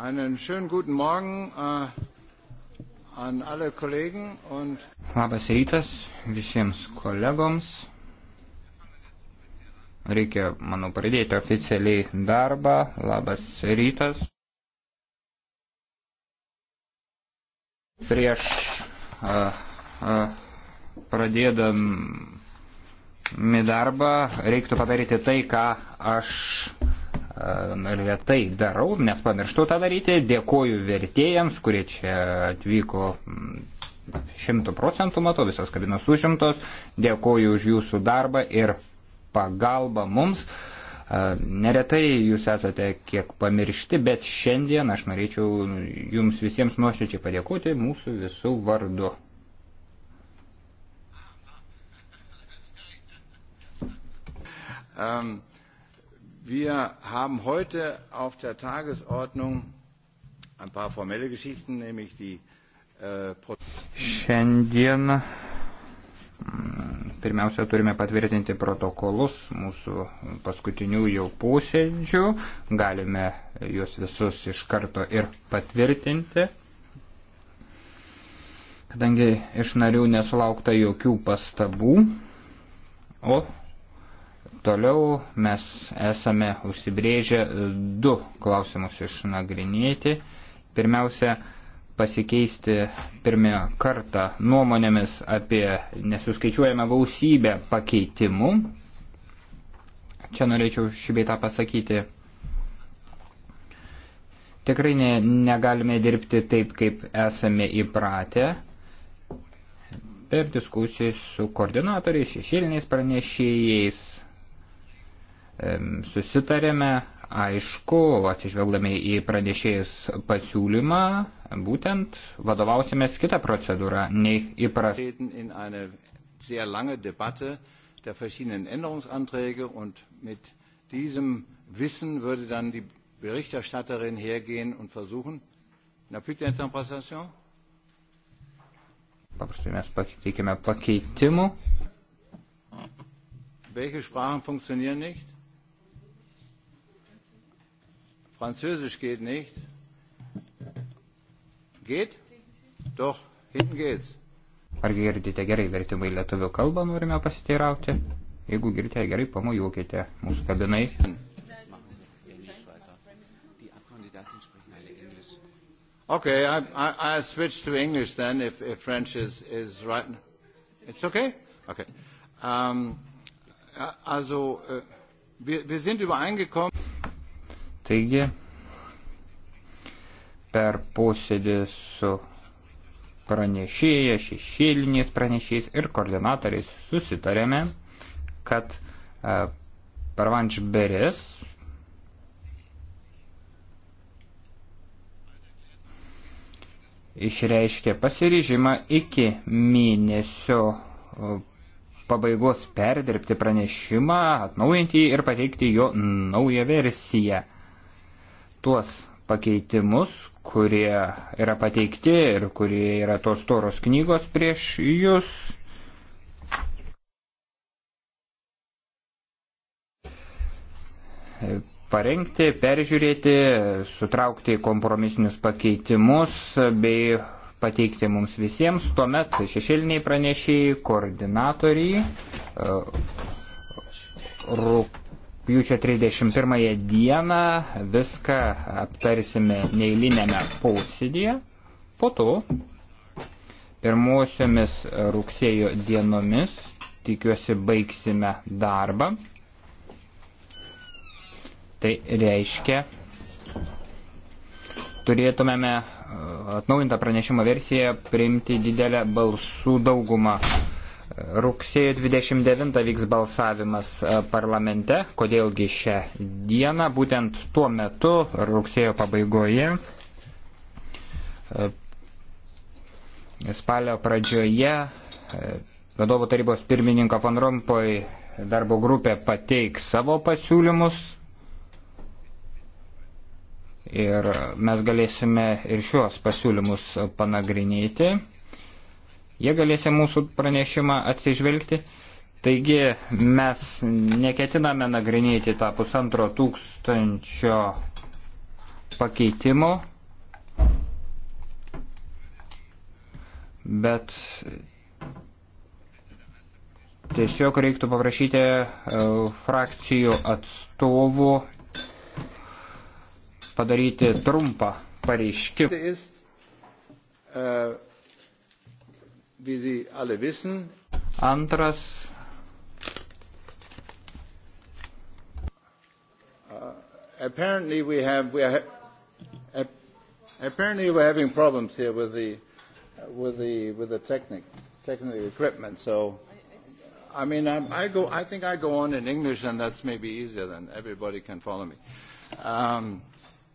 Einen schönen guten Morgen äh, an alle Kollegen und. Labas rytas visiems kolegoms. Reikia, manau, pradėti oficialiai darbą. Labas rytas. Prieš uh, uh, pradėdami darbą reiktų padaryti tai, ką aš retai darau, nes pamirštu tą daryti. Dėkoju vertėjams, kurie čia atvyko mm, šimtų procentų, matau, visos kabinos užimtos. Dėkoju už jūsų darbą ir pagalbą mums. E, neretai jūs esate kiek pamiršti, bet šiandien aš norėčiau jums visiems nuoširdžiai padėkoti mūsų visų vardu. Um. Wir haben heute auf der Tagesordnung ein paar formelle Geschichten, nämlich die äh, Šiandien mm, pirmiausia turime patvirtinti protokolus mūsų paskutinių jau posėdžių. Galime juos visus iš karto ir patvirtinti. Kadangi iš narių nesulaukta jokių pastabų, o Toliau mes esame užsibrėžę e, du klausimus išnagrinėti. Pirmiausia, pasikeisti pirmą kartą nuomonėmis apie nesuskaičiuojamą gausybę pakeitimų. Čia norėčiau šibėtą pasakyti. Tikrai ne, negalime dirbti taip, kaip esame įpratę. Per diskusijas su koordinatoriais, šešėliniais pranešėjais, susitarėme, aišku, atsižvelgdami į pranešėjus pasiūlymą, būtent vadovausimės kitą procedūrą nei įprasta. der verschiedenen Änderungsanträge und mit diesem Wissen würde dann die Berichterstatterin hergehen und versuchen, n'a plus d'interprétation? Paprastai mes pateikėme pakeitimų. Welche Sprachen funktionieren nicht? Französisch geht nicht. Geht? Doch, hinten geht's. Ar girdite gerai vertimą į lietuvių kalbą, norime pasiteirauti. Jeigu girdite gerai, pamojuokite mūsų kabinai. Okay, I, I, I switch to English then if, if French is, is right. It's okay? Okay. Um, also, äh, wir, wir sind übereingekommen. Taigi, per posėdį su pranešėja, šešėliniais pranešėjais ir koordinatoriais susitarėme, kad e, Parvanč Beres išreiškė pasiryžimą iki mėnesio e, pabaigos perdirbti pranešimą, atnaujinti jį ir pateikti jo naują versiją tuos pakeitimus, kurie yra pateikti ir kurie yra tos toros knygos prieš jūs. Parengti, peržiūrėti, sutraukti kompromisinius pakeitimus bei pateikti mums visiems. Tuomet šešėliniai pranešėjai, koordinatoriai, e, rūp rūpjūčio 31 dieną viską aptarsime neįlinėme posėdėje. Po to pirmosiomis rugsėjo dienomis tikiuosi baigsime darbą. Tai reiškia, turėtumėme uh, atnaujintą pranešimo versiją priimti didelę balsų daugumą Rugsėjo 29 vyks balsavimas e, parlamente, kodėlgi šią dieną, būtent tuo metu, rugsėjo pabaigoje, e, spalio pradžioje e, vadovų tarybos pirmininko Van Rompoj darbo grupė pateiks savo pasiūlymus ir mes galėsime ir šios pasiūlymus panagrinėti jie galėsia mūsų pranešimą atsižvelgti. Taigi mes neketiname nagrinėti tą pusantro tūkstančio pakeitimo, bet tiesiog reiktų paprašyti e, frakcijų atstovų padaryti trumpą pareiškimą. E, Antras. Uh, apparently we have, we are, apparently we're having problems here with the, uh, with the, with the technic, technical equipment. So, I mean, I'm, I go, I think I go on in English and that's maybe easier then everybody can follow me. Um,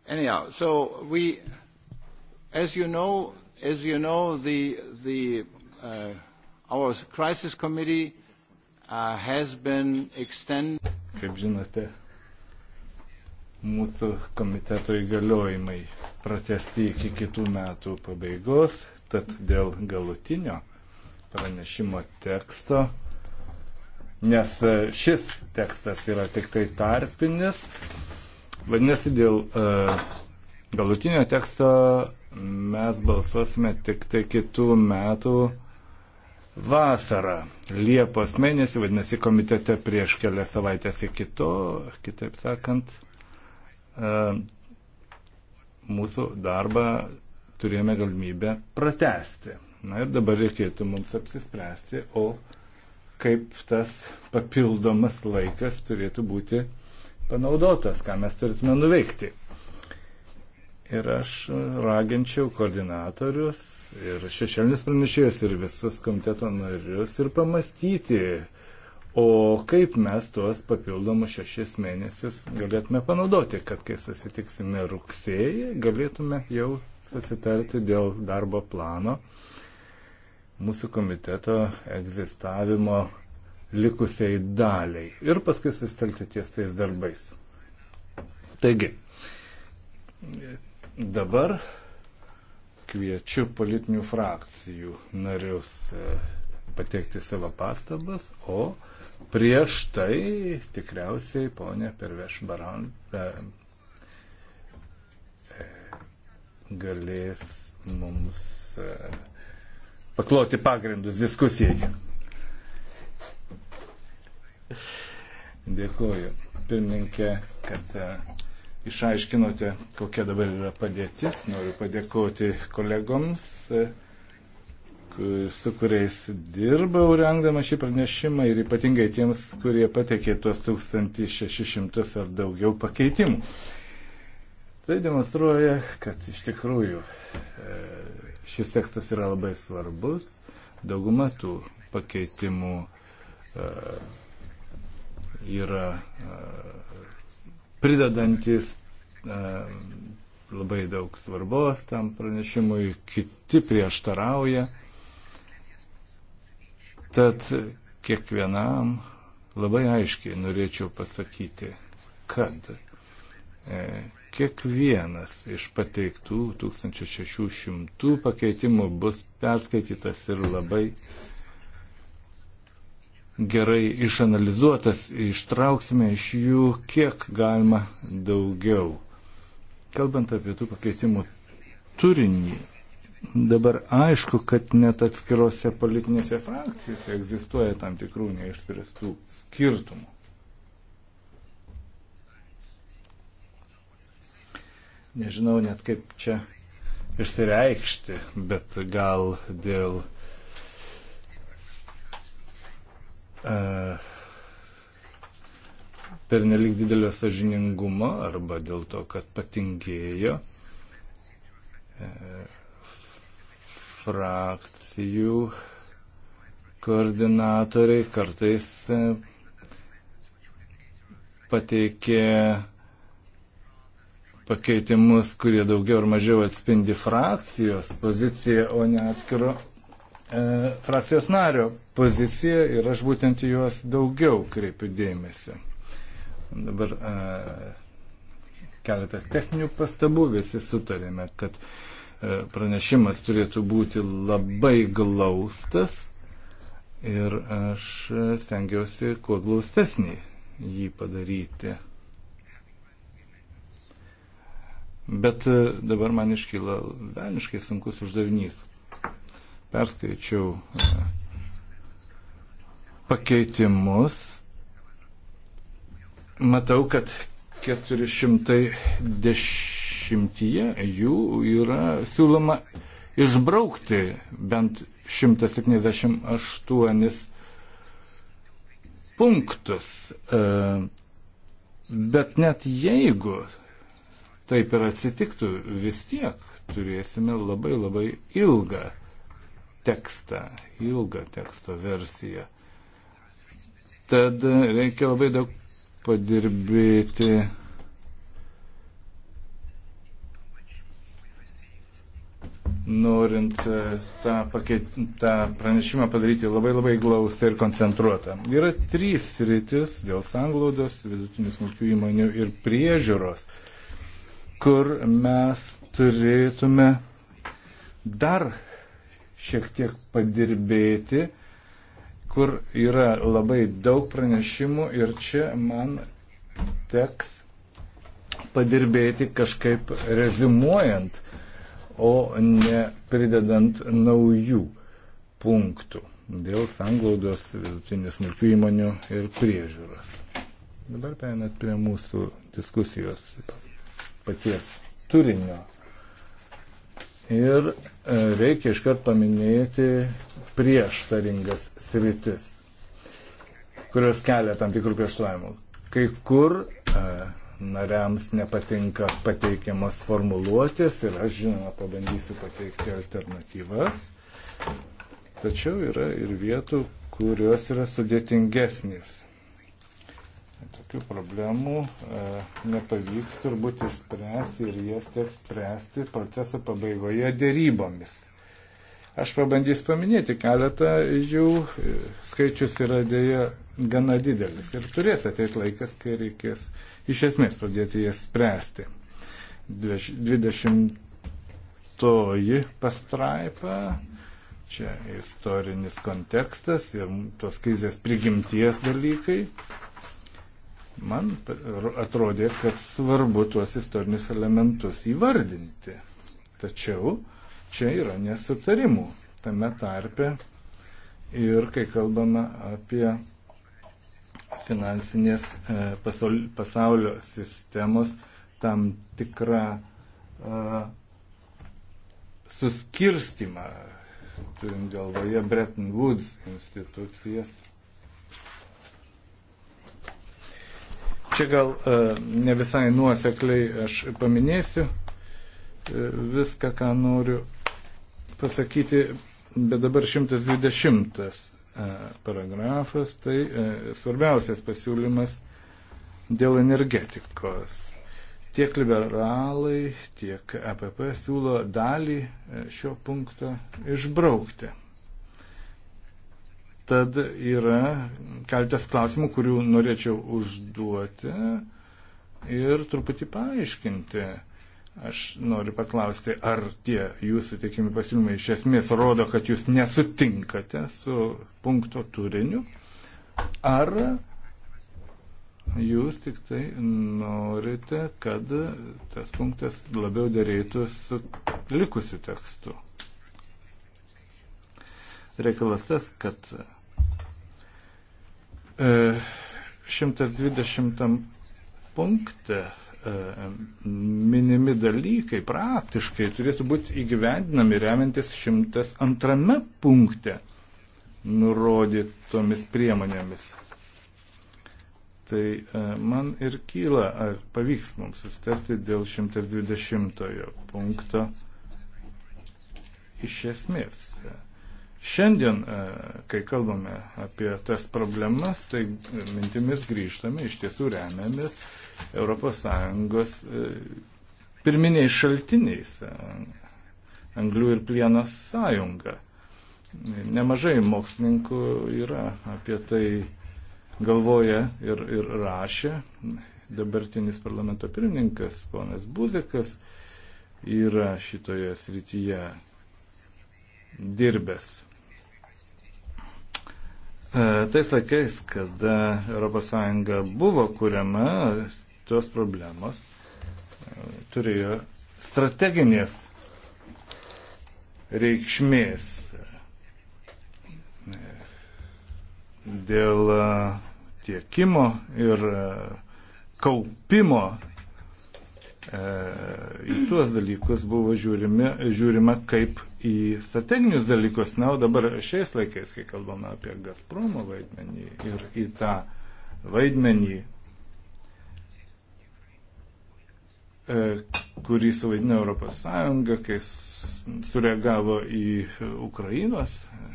anyhow, so we, as you know, as you know, the, the Uh, our crisis committee uh, has been extended. Kaip žinote, mūsų komiteto įgaliojimai pratesti iki kitų metų pabaigos, tad dėl galutinio pranešimo teksto, nes e, šis tekstas yra tik tai tarpinis, vadinasi, dėl uh, galutinio teksto mes balsuosime tik tai kitų metų uh, vasarą, Liepos mėnesį, vadinasi, komitete prieš kelias savaitės iki to, kitaip sakant, e, mūsų darbą turėjome galimybę pratesti. Na ir dabar reikėtų mums apsispręsti, o kaip tas papildomas laikas turėtų būti panaudotas, ką mes turėtume nuveikti. Ir aš raginčiau koordinatorius ir šešėlinis pranešėjus ir visus komiteto narius ir pamastyti, o kaip mes tuos papildomus šešis mėnesius galėtume panaudoti, kad kai susitiksime rugsėjį, galėtume jau susitarti dėl darbo plano mūsų komiteto egzistavimo likusiai daliai ir paskui susitelkti ties tais darbais. Taigi, Dabar kviečiu politinių frakcijų narius e, pateikti savo pastabas, o prieš tai tikriausiai ponė Perveš Baran e, e, galės mums pakloti pagrindus diskusijai. Dėkuoju, pirmininkė, kad išaiškinote, kokia dabar yra padėtis. Noriu padėkoti kolegoms, e, su kuriais dirbau rengdama šį pranešimą ir ypatingai tiems, kurie patekė tuos 1600 ar daugiau pakeitimų. Tai demonstruoja, kad iš tikrųjų e, šis tekstas yra labai svarbus. Dauguma tų pakeitimų e, yra pridedantis e, labai daug svarbos tam pranešimui, kiti prieštarauja. Tad kiekvienam labai aiškiai norėčiau pasakyti, kad e, kiekvienas iš pateiktų 1600 pakeitimų bus perskaitytas ir labai gerai išanalizuotas, ištrauksime iš jų kiek galima daugiau. Kalbant apie tų pakeitimų turinį, dabar aišku, kad net atskirose politinėse frakcijose egzistuoja tam tikrų neišspręstų skirtumų. Nežinau net kaip čia išsireikšti, bet gal dėl uh, E, per nelik didelio sažiningumo arba dėl to, kad patingėjo e, frakcijų koordinatoriai kartais e, pateikė pakeitimus, kurie daugiau ar mažiau atspindi frakcijos poziciją, o ne atskiro E, frakcijos nario poziciją ir aš būtent juos daugiau kreipiu dėmesį. Dabar e, keletas techninių pastabų, visi sutarėme, kad e, pranešimas turėtų būti labai glaustas ir aš stengiausi kuo glaustesnį jį padaryti. Bet dabar man iškyla velniškai sunkus uždavinys perskaičiau e, pakeitimus. Matau, kad 410 jų yra siūloma išbraukti bent 178 punktus. E, bet net jeigu taip ir atsitiktų, vis tiek turėsime labai labai ilgą tekstą, ilgą teksto versiją. Tad reikia labai daug padirbėti. Norint e, tą, pakeit, tą pranešimą padaryti labai labai glaustą ir koncentruotą. Yra trys rytis dėl sanglaudos, vidutinių smulkių įmonių ir priežiūros, kur mes turėtume dar šiek tiek padirbėti, kur yra labai daug pranešimų ir čia man teks padirbėti kažkaip rezimuojant, o ne pridedant naujų punktų dėl sanglaudos vidutinių smulkių įmonių ir priežiūros. Dabar perinat prie mūsų diskusijos paties turinio Ir e, reikia iškart paminėti prieštaringas sritis, kurios kelia tam tikrų prieštaravimų. Kai kur e, nariams nepatinka pateikiamas formuluotės ir aš žinoma pabandysiu pateikti alternatyvas. Tačiau yra ir vietų, kurios yra sudėtingesnės tokių problemų e, nepavyks turbūt išspręsti ir jas teks spręsti proceso pabaigoje dėrybomis. Aš pabandysiu paminėti keletą jų, e, skaičius yra dėja gana didelis ir turės ateit laikas, kai reikės iš esmės pradėti jas spręsti. 20 pastraipa čia istorinis kontekstas ir tos krizės prigimties dalykai. Man atrodė, kad svarbu tuos istorinius elementus įvardinti. Tačiau čia yra nesutarimų tame tarpe ir kai kalbame apie finansinės e, pasaulio sistemos tam tikrą e, suskirstimą, turint galvoje Bretton Woods institucijas Čia gal e, ne visai nuosekliai aš paminėsiu e, viską, ką noriu pasakyti, bet dabar 120 e, paragrafas, tai svarbiausias pasiūlymas dėl energetikos. Tiek liberalai, tiek EPP siūlo dalį šio punkto išbraukti. Tad yra keltas klausimų, kurių norėčiau užduoti ir truputį paaiškinti. Aš noriu paklausti, ar tie jūsų teikimi pasiūlymai iš esmės rodo, kad jūs nesutinkate su punkto turiniu, ar jūs tik tai norite, kad tas punktas labiau dėrėtų su likusiu tekstu. Reikalas tas, kad 120 e, punkte e, minimi dalykai praktiškai turėtų būti įgyvendinami remiantis 102 punkte nurodytomis priemonėmis. Tai e, man ir kyla, ar pavyks mums sustarti dėl 120 punkto iš esmės. Šiandien, e, kai kalbame apie tas problemas, tai mintimis grįžtame, iš tiesų remiamės ES e, pirminiais šaltiniais e, anglių ir plienas sąjunga. Nemažai mokslininkų yra apie tai galvoja ir, ir rašė. Dabartinis parlamento pirmininkas, ponas Buzikas, yra šitoje srityje dirbęs. E, tais laikais, kada ES buvo kuriama, tos problemos e, turėjo strateginės reikšmės e, dėl tiekimo ir kaupimo E, į tuos dalykus buvo žiūrimi, žiūrima kaip į strateginius dalykus. Na, o dabar šiais laikais, kai kalbame apie Gazpromo vaidmenį ir į tą vaidmenį, e, kurį suvaidino Europos Sąjunga, kai sureagavo į Ukrainos e,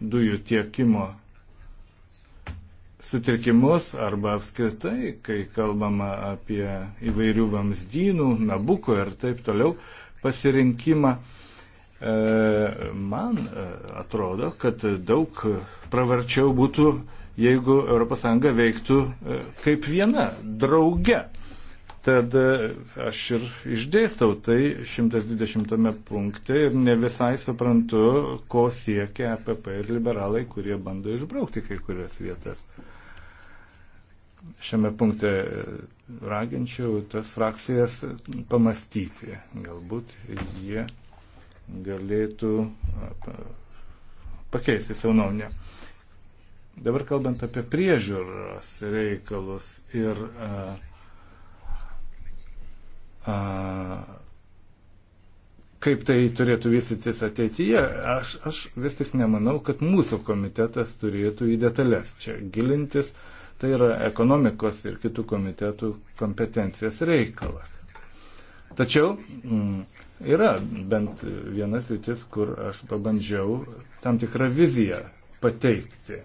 dujų tiekimo sutrikimus arba apskritai, kai kalbama apie įvairių vamzdynų, nabuko ir taip toliau pasirinkimą. E, man e, atrodo, kad daug pravarčiau būtų, jeigu ES veiktų e, kaip viena, drauge. Tad aš ir išdėstau tai 120 punkte ir ne visai suprantu, ko siekia APP ir liberalai, kurie bando išbraukti kai kurias vietas šiame punkte raginčiau tas frakcijas pamastyti. Galbūt jie galėtų pakeisti savo nuomonę. Dabar kalbant apie priežiūros reikalus ir a, a, kaip tai turėtų vystytis ateityje, aš, aš vis tik nemanau, kad mūsų komitetas turėtų į detalės čia gilintis. A, Tai yra ekonomikos ir kitų komitetų kompetencijos reikalas. Tačiau mm, yra bent vienas rytis, kur aš pabandžiau tam tikrą viziją pateikti.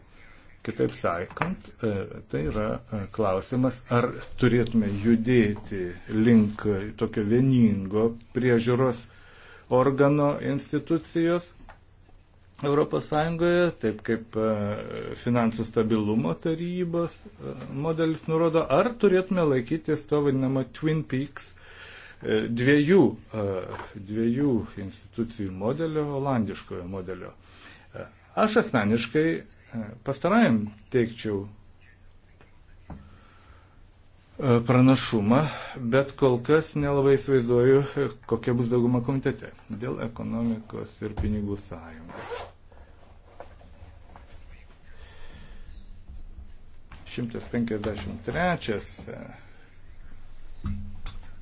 Kitaip sakant, e, tai yra e, klausimas, ar turėtume judėti link tokio vieningo priežiūros organo institucijos, ES, taip kaip e, finansų stabilumo tarybos e, modelis nurodo, ar turėtume laikytis to vadinamo Twin Peaks e, dviejų, dviejų institucijų modelio, olandiškojo modelio. Aš asmeniškai pastarajam teikčiau pranašumą, bet kol kas nelabai įsivaizduoju, kokia bus dauguma komitete dėl ekonomikos ir pinigų sąjungos. 153 e,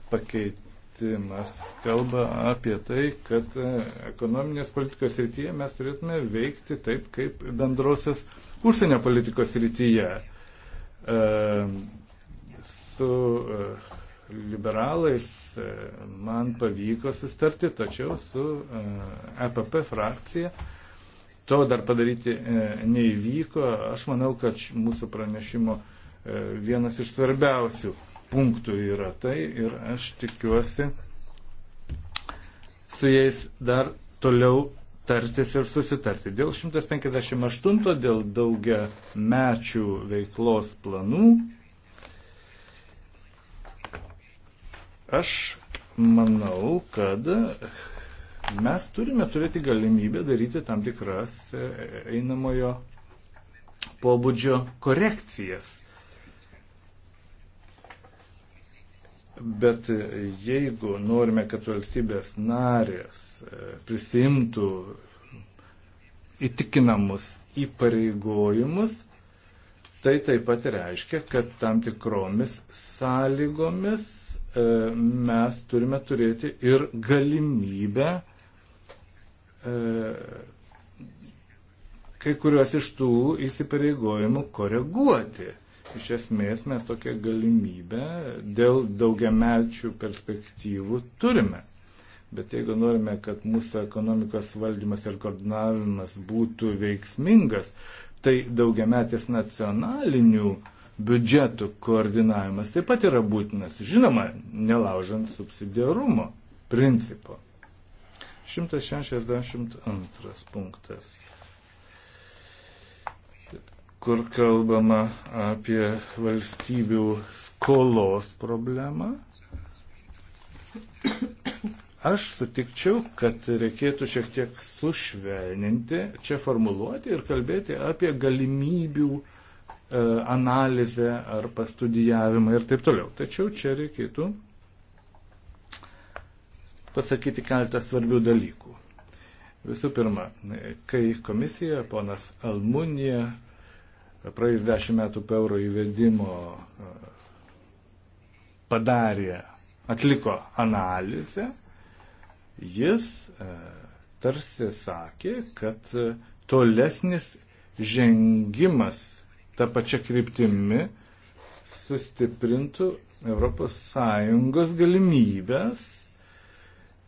pakeitimas kalba apie tai, kad e, ekonominės politikos rytyje mes turėtume veikti taip, kaip bendrosios užsienio politikos rytyje. E, su liberalais man pavyko sustarti, tačiau su EPP frakcija to dar padaryti e, neįvyko. Aš manau, kad mūsų pranešimo e, vienas iš svarbiausių punktų yra tai ir aš tikiuosi su jais dar toliau tartis ir susitarti. Dėl 158, dėl daugia mečių veiklos planų aš manau, kad mes turime turėti galimybę daryti tam tikras e, einamojo pobūdžio korekcijas. Bet e, jeigu norime, kad valstybės narės e, prisimtų įtikinamus įpareigojimus, tai taip pat reiškia, kad tam tikromis sąlygomis mes turime turėti ir galimybę E, kai kuriuos iš tų įsipareigojimų koreguoti. Iš esmės mes tokią galimybę dėl daugiamečių perspektyvų turime. Bet jeigu norime, kad mūsų ekonomikos valdymas ir koordinavimas būtų veiksmingas, tai daugiametės nacionalinių biudžetų koordinavimas taip pat yra būtinas, žinoma, nelaužant subsidiarumo principo. 162 punktas, kur kalbama apie valstybių skolos problemą. Aš sutikčiau, kad reikėtų šiek tiek sušvelninti čia formuluoti ir kalbėti apie galimybių e, analizę ar pastudijavimą ir taip toliau. Tačiau čia reikėtų pasakyti keletą svarbių dalykų. Visų pirma, kai komisija, ponas Almunija, praeis dešimt metų po euro įvedimo padarė, atliko analizę, jis e, tarsi sakė, kad tolesnis žengimas tą pačią kryptimį sustiprintų ES galimybės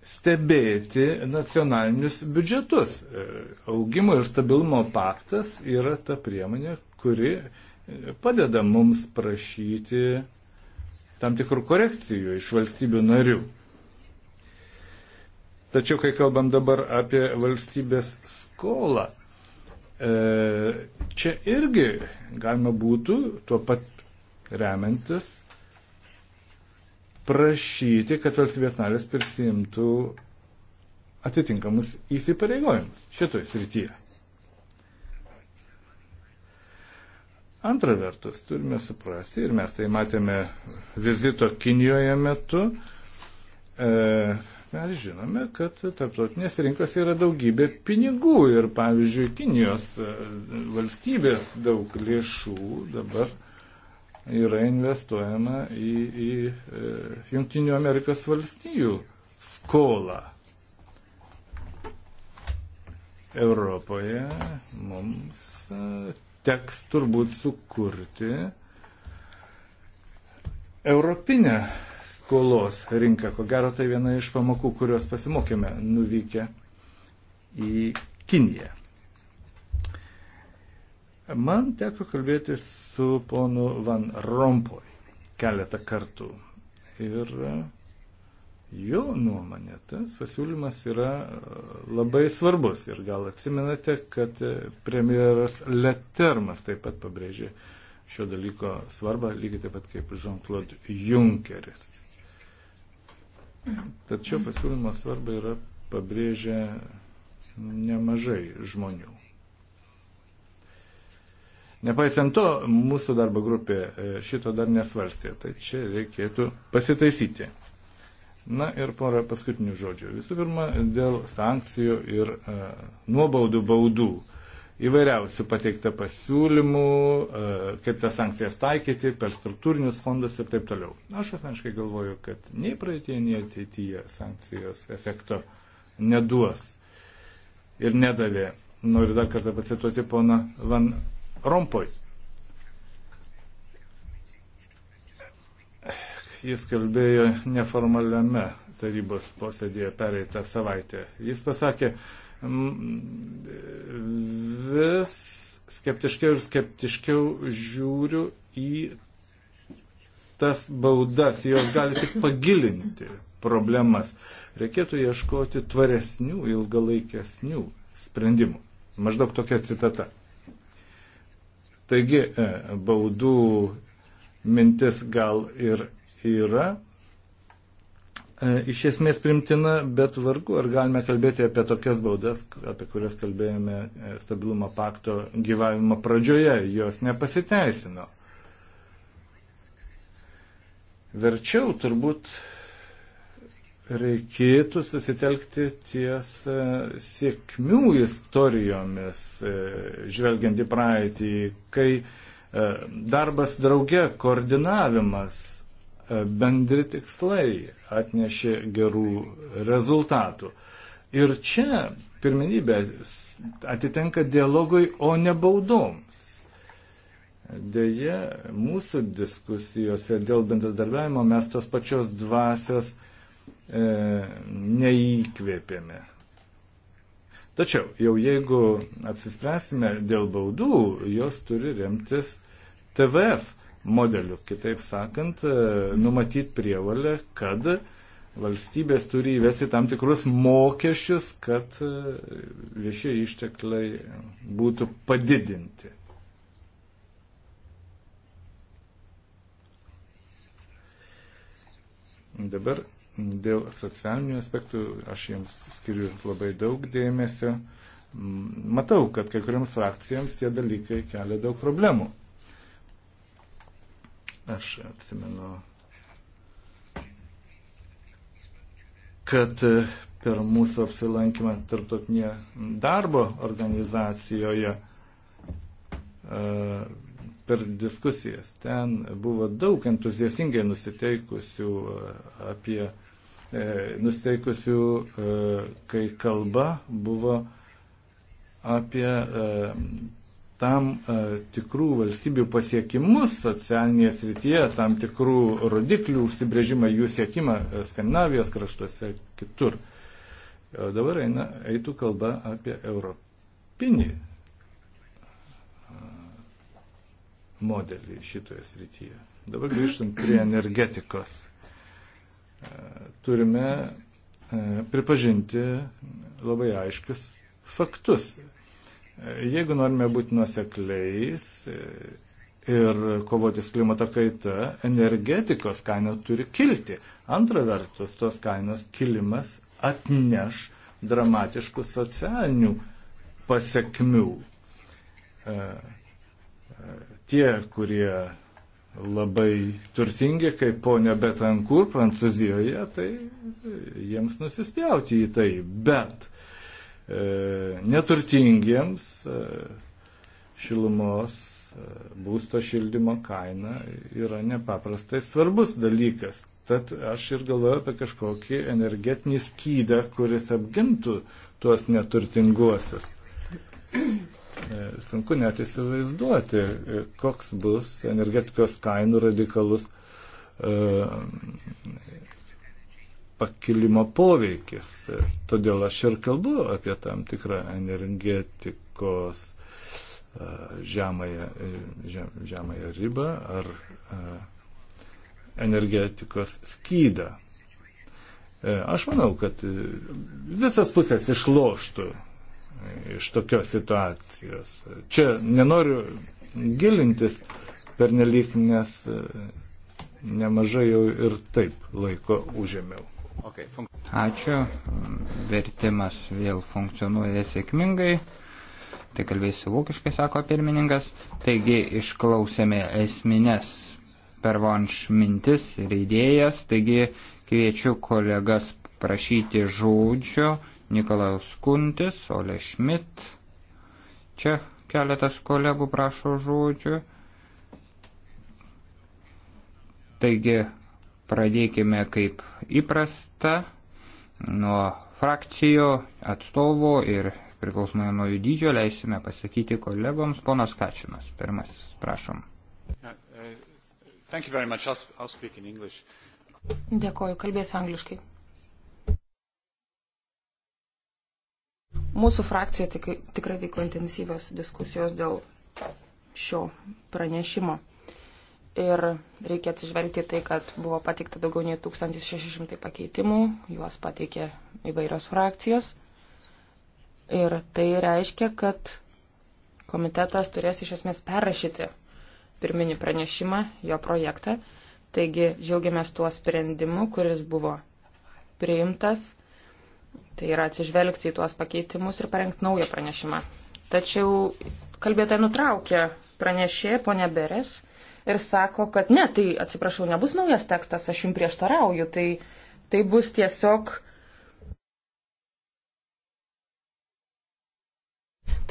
stebėti nacionalinius biudžetus. E, augimo ir stabilumo paktas yra ta priemonė, kuri e, padeda mums prašyti tam tikrų korekcijų iš valstybių narių. Tačiau, kai kalbam dabar apie valstybės skolą, e, čia irgi galima būtų tuo pat remiantis prašyti, kad valstybės narės prisimtų atitinkamus įsipareigojimus šitoje srityje. Antra vertus, turime suprasti, ir mes tai matėme vizito Kinijoje metu, e, mes žinome, kad tarptautinės rinkos yra daugybė pinigų ir, pavyzdžiui, Kinijos e, valstybės daug lėšų dabar yra investuojama į, į e, Junktinių Amerikos valstijų skolą. Europoje mums e, teks turbūt sukurti europinę skolos rinką. Ko gero tai viena iš pamokų, kurios pasimokėme nuvykę į Kiniją. Man teko kalbėti su ponu Van Rompoj keletą kartų. Ir e, jo nuomonė tas pasiūlymas yra e, labai svarbus. Ir gal atsimenate, kad e, premjeras Letermas taip pat pabrėžė šio dalyko svarbą, lygiai taip pat kaip Jean-Claude Junkeris. Tačiau pasiūlymo svarbą yra pabrėžę nemažai žmonių. Nepaisant to, mūsų darbo grupė e, šito dar nesvarstė, tai čia reikėtų pasitaisyti. Na ir porą paskutinių žodžių. Visų pirma, dėl sankcijų ir e, nuobaudų baudų. Įvairiausių pateikta pasiūlymų, e, kaip tas sankcijas taikyti per struktūrinius fondus ir taip toliau. Aš asmeniškai galvoju, kad nei praeitie, nei ateityje sankcijos efekto neduos ir nedavė. Noriu dar kartą pacituoti poną Van Rompoj. Jis kalbėjo neformaliame tarybos posėdėje pereitą savaitę. Jis pasakė, vis skeptiškiau ir skeptiškiau žiūriu į tas baudas, jos gali tik pagilinti problemas. Reikėtų ieškoti tvaresnių, ilgalaikesnių sprendimų. Maždaug tokia citata. Taigi e, baudų mintis gal ir yra e, iš esmės primtina, bet vargu ar galime kalbėti apie tokias baudas, apie kurias kalbėjome e, stabilumo pakto gyvavimo pradžioje, jos nepasiteisino. Verčiau turbūt reikėtų susitelkti ties e, sėkmių istorijomis, e, žvelgiant į praeitį, kai e, darbas drauge, koordinavimas, bendri tikslai atnešė gerų rezultatų. Ir čia pirmenybė atitenka dialogui, o ne baudoms. Deja, mūsų diskusijose dėl bendradarbiavimo mes tos pačios dvasios E, neįkvėpėme. Tačiau jau jeigu apsispręsime dėl baudų, jos turi remtis TVF modeliu. Kitaip sakant, e, numatyti prievalę, kad valstybės turi įvesti tam tikrus mokesčius, kad e, viešie ištekliai būtų padidinti. Dabar Dėl socialinių aspektų aš jiems skiriu labai daug dėmesio. Mm, matau, kad kai kuriams frakcijams tie dalykai kelia daug problemų. Aš atsimenu, kad e, per mūsų apsilankymą tarptautinėje darbo organizacijoje e, per diskusijas. Ten buvo daug entuziastingai nusiteikusių e, apie E, nusteikusių, e, kai kalba buvo apie e, tam tikrų valstybių pasiekimus socialinėje srityje, tam tikrų rodiklių užsibrėžimą, jų siekimą Skandinavijos kraštuose ir kitur. O dabar eina, eitų kalba apie europinį modelį šitoje srityje. Dabar grįžtant prie energetikos turime e, pripažinti labai aiškius faktus. Jeigu norime būti nusekliais e, ir kovotis klimato kaita, energetikos kaina turi kilti. Antra vertus, tos kainos kilimas atneš dramatiškų socialinių pasiekmių. E, tie, kurie labai turtingi, kaip ponia Betankur Prancūzijoje, tai jiems nusispjauti į tai. Bet e, neturtingiems e, šilumos, e, būsto šildymo kaina yra nepaprastai svarbus dalykas. Tad aš ir galvoju apie kažkokį energetinį skydą, kuris apgintų tuos neturtinguosius. E, sunku net įsivaizduoti, e, koks bus energetikos kainų radikalus e, pakilimo poveikis. Todėl aš ir kalbu apie tam tikrą energetikos žemąją, žemąją ribą ar energetikos skydą. Aš manau, kad visas pusės išloštų iš tokios situacijos. Čia nenoriu gilintis per nelik, nes e, nemažai jau ir taip laiko užėmiau. Ačiū, vertimas vėl funkcionuoja sėkmingai. Tai kalbėsiu vokiškai, sako pirmininkas. Taigi išklausėme esminės pervonš mintis ir idėjas, taigi kviečiu kolegas prašyti žodžio Nikolaus Kuntis, Ole Schmidt. Čia keletas kolegų prašo žodžių. Taigi pradėkime kaip įprasta nuo frakcijų atstovų ir priklausomai nuo jų dydžio leisime pasakyti kolegoms. Ponas Kačinas, pirmasis, prašom. Uh, Dėkoju, kalbėsiu angliškai. Mūsų frakcijoje tik, tikrai vyko intensyvios diskusijos dėl šio pranešimo. Ir reikia atsižvelgti tai, kad buvo pateikta daugiau nei 1600 pakeitimų, juos pateikė įvairios frakcijos. Ir tai reiškia, kad komitetas turės iš esmės perrašyti pirminį pranešimą, jo projektą. Taigi džiaugiamės tuo sprendimu, kuris buvo priimtas Tai yra atsižvelgti į tuos pakeitimus ir parengti naują pranešimą. Tačiau kalbėtoja nutraukė pranešė ponė Beres ir sako, kad ne, tai atsiprašau, nebus naujas tekstas, aš jums prieštarauju, tai, tai bus tiesiog.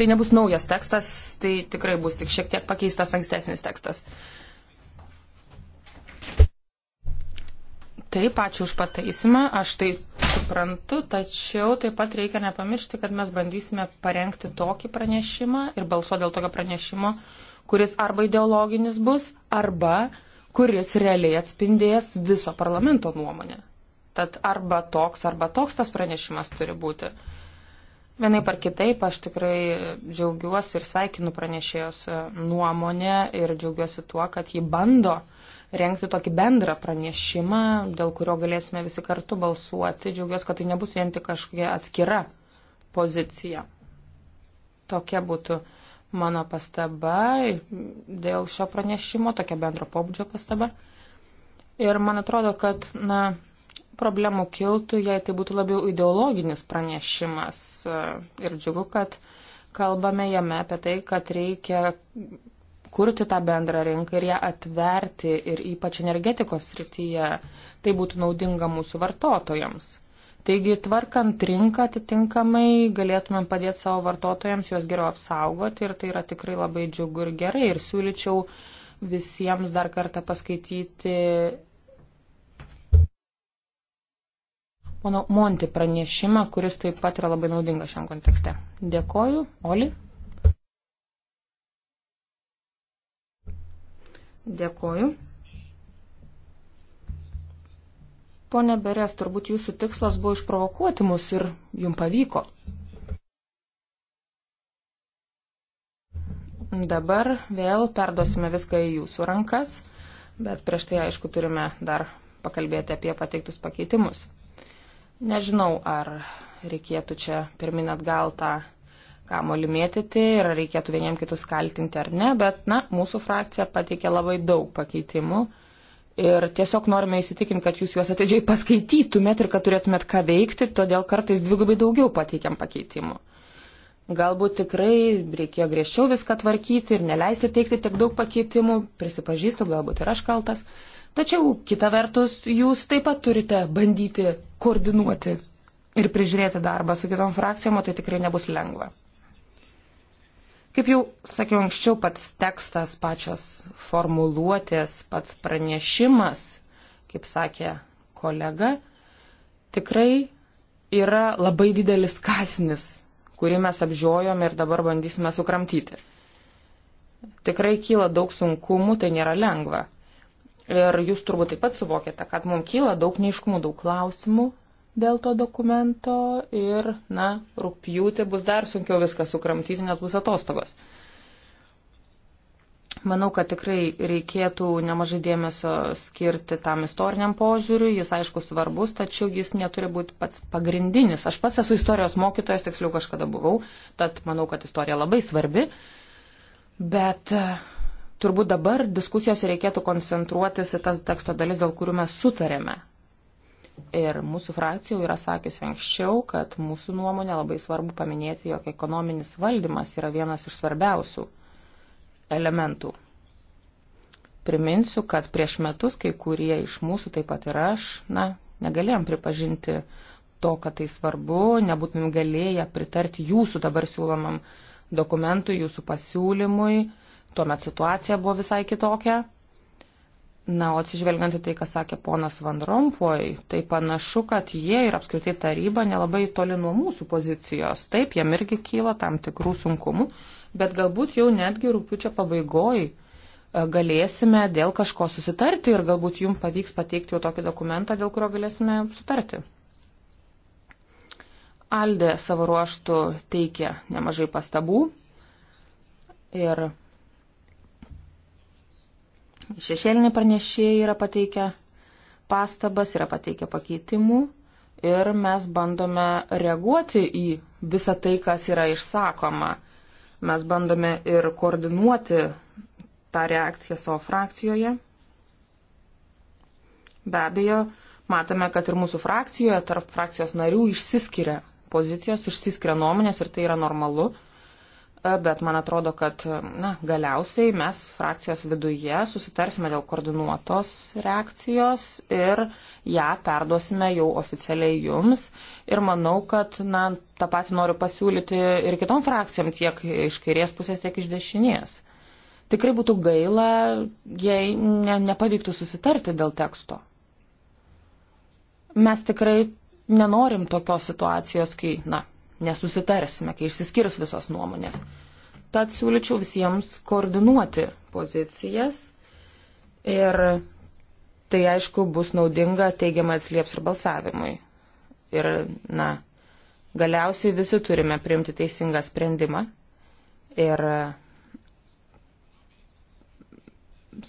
Tai nebus naujas tekstas, tai tikrai bus tik šiek tiek pakeistas ankstesnis tekstas. Taip, ačiū už pataisimą. Aš tai suprantu, tačiau taip pat reikia nepamiršti, kad mes bandysime parengti tokį pranešimą ir balsuoti dėl tokio pranešimo, kuris arba ideologinis bus, arba kuris realiai atspindės viso parlamento nuomonę. Tad arba toks, arba toks tas pranešimas turi būti. Vienaip ar kitaip, aš tikrai džiaugiuosi ir sveikinu pranešėjos nuomonę ir džiaugiuosi tuo, kad ji bando uh, renkti tokį bendrą pranešimą, dėl kurio galėsime visi kartu balsuoti. Džiaugiuosi, kad tai nebus vien tik kažkokia atskira pozicija. Tokia būtų mano pastaba dėl šio pranešimo, tokia bendro pobūdžio pastaba. Ir man atrodo, kad, na, problemų kiltų, jei tai būtų labiau ideologinis pranešimas. Ir džiugu, kad kalbame jame apie tai, kad reikia kurti tą bendrą rinką ir ją atverti ir ypač energetikos srityje. Tai būtų naudinga mūsų vartotojams. Taigi, tvarkant rinką atitinkamai, galėtumėm padėti savo vartotojams juos geriau apsaugoti ir tai yra tikrai labai džiugu ir gerai. Ir siūlyčiau visiems dar kartą paskaityti mano Monti pranešimą, kuris taip pat yra labai naudingas šiam kontekste. Dėkoju, Oli. Dėkoju. Pone Beres, turbūt jūsų tikslas buvo išprovokuoti mus ir jum pavyko. Dabar vėl perduosime viską į jūsų rankas, bet prieš tai, aišku, turime dar pakalbėti apie pateiktus pakeitimus. Nežinau, ar reikėtų čia pirmin atgal tą kamoli mėtyti ir reikėtų vieniem kitus kaltinti ar ne, bet, na, mūsų frakcija pateikė labai daug pakeitimų ir tiesiog norime įsitikinti, kad jūs juos atidžiai paskaitytumėt ir kad turėtumėt ką veikti, todėl kartais dvigubai daugiau pateikiam pakeitimų. Galbūt tikrai reikėjo griežčiau viską tvarkyti ir neleisti teikti tiek daug pakeitimų, prisipažįstu, galbūt ir aš kaltas. Tačiau kita vertus, jūs taip pat turite bandyti koordinuoti ir prižiūrėti darbą su kitom frakcijom, o tai tikrai nebus lengva. Kaip jau sakiau anksčiau, pats tekstas, pačios formuluotės, pats pranešimas, kaip sakė kolega, tikrai yra labai didelis kasnis, kurį mes apžiojom ir dabar bandysime sukramtyti. Tikrai kyla daug sunkumų, tai nėra lengva. Ir jūs turbūt taip pat suvokėte, kad mums kyla daug neiškumų, daug klausimų, dėl to dokumento ir, na, rūpjūti bus dar sunkiau viską sukramtyti, nes bus atostogos. Manau, kad tikrai reikėtų nemažai dėmesio skirti tam istoriniam požiūriui, jis aišku svarbus, tačiau jis neturi būti pats pagrindinis. Aš pats esu istorijos mokytojas, tiksliau kažkada buvau, tad manau, kad istorija labai svarbi, bet e, turbūt dabar diskusijose reikėtų koncentruotis į tas teksto dalis, dėl kurių mes sutarėme. Ir mūsų frakcija jau yra sakiusi anksčiau, kad mūsų nuomonė labai svarbu paminėti, jog ekonominis valdymas yra vienas iš svarbiausių elementų. Priminsiu, kad prieš metus kai kurie iš mūsų, taip pat ir aš, na, negalėjom pripažinti to, kad tai svarbu, nebūtumėm galėję pritarti jūsų dabar siūlomam dokumentui, jūsų pasiūlymui. Tuomet situacija buvo visai kitokia. Na, o atsižvelgiant į tai, ką sakė ponas Van Rompoj, tai panašu, kad jie ir apskritai taryba nelabai toli nuo mūsų pozicijos. Taip, jam irgi kyla tam tikrų sunkumų, bet galbūt jau netgi rūpiučio pabaigoj e, galėsime dėl kažko susitarti ir galbūt jums pavyks pateikti jau tokį dokumentą, dėl kurio galėsime sutarti. Aldė savo ruoštų teikia nemažai pastabų ir Šešėliniai pranešėjai yra pateikę pastabas, yra pateikę pakeitimų ir mes bandome reaguoti į visą tai, kas yra išsakoma. Mes bandome ir koordinuoti tą reakciją savo frakcijoje. Be abejo, matome, kad ir mūsų frakcijoje, tarp frakcijos narių išsiskiria pozicijos, išsiskiria nuomonės ir tai yra normalu bet man atrodo, kad na, galiausiai mes frakcijos viduje susitarsime dėl koordinuotos reakcijos ir ją perduosime jau oficialiai jums. Ir manau, kad na, tą patį noriu pasiūlyti ir kitom frakcijom tiek iš kairės pusės, tiek iš dešinės. Tikrai būtų gaila, jei ne, nepavyktų susitarti dėl teksto. Mes tikrai nenorim tokios situacijos, kai, na, nesusitarsime, kai išsiskirs visos nuomonės. Tad siūlyčiau visiems koordinuoti pozicijas ir tai aišku bus naudinga, teigiamai atslieps ir balsavimui. Ir, na, galiausiai visi turime priimti teisingą sprendimą. Ir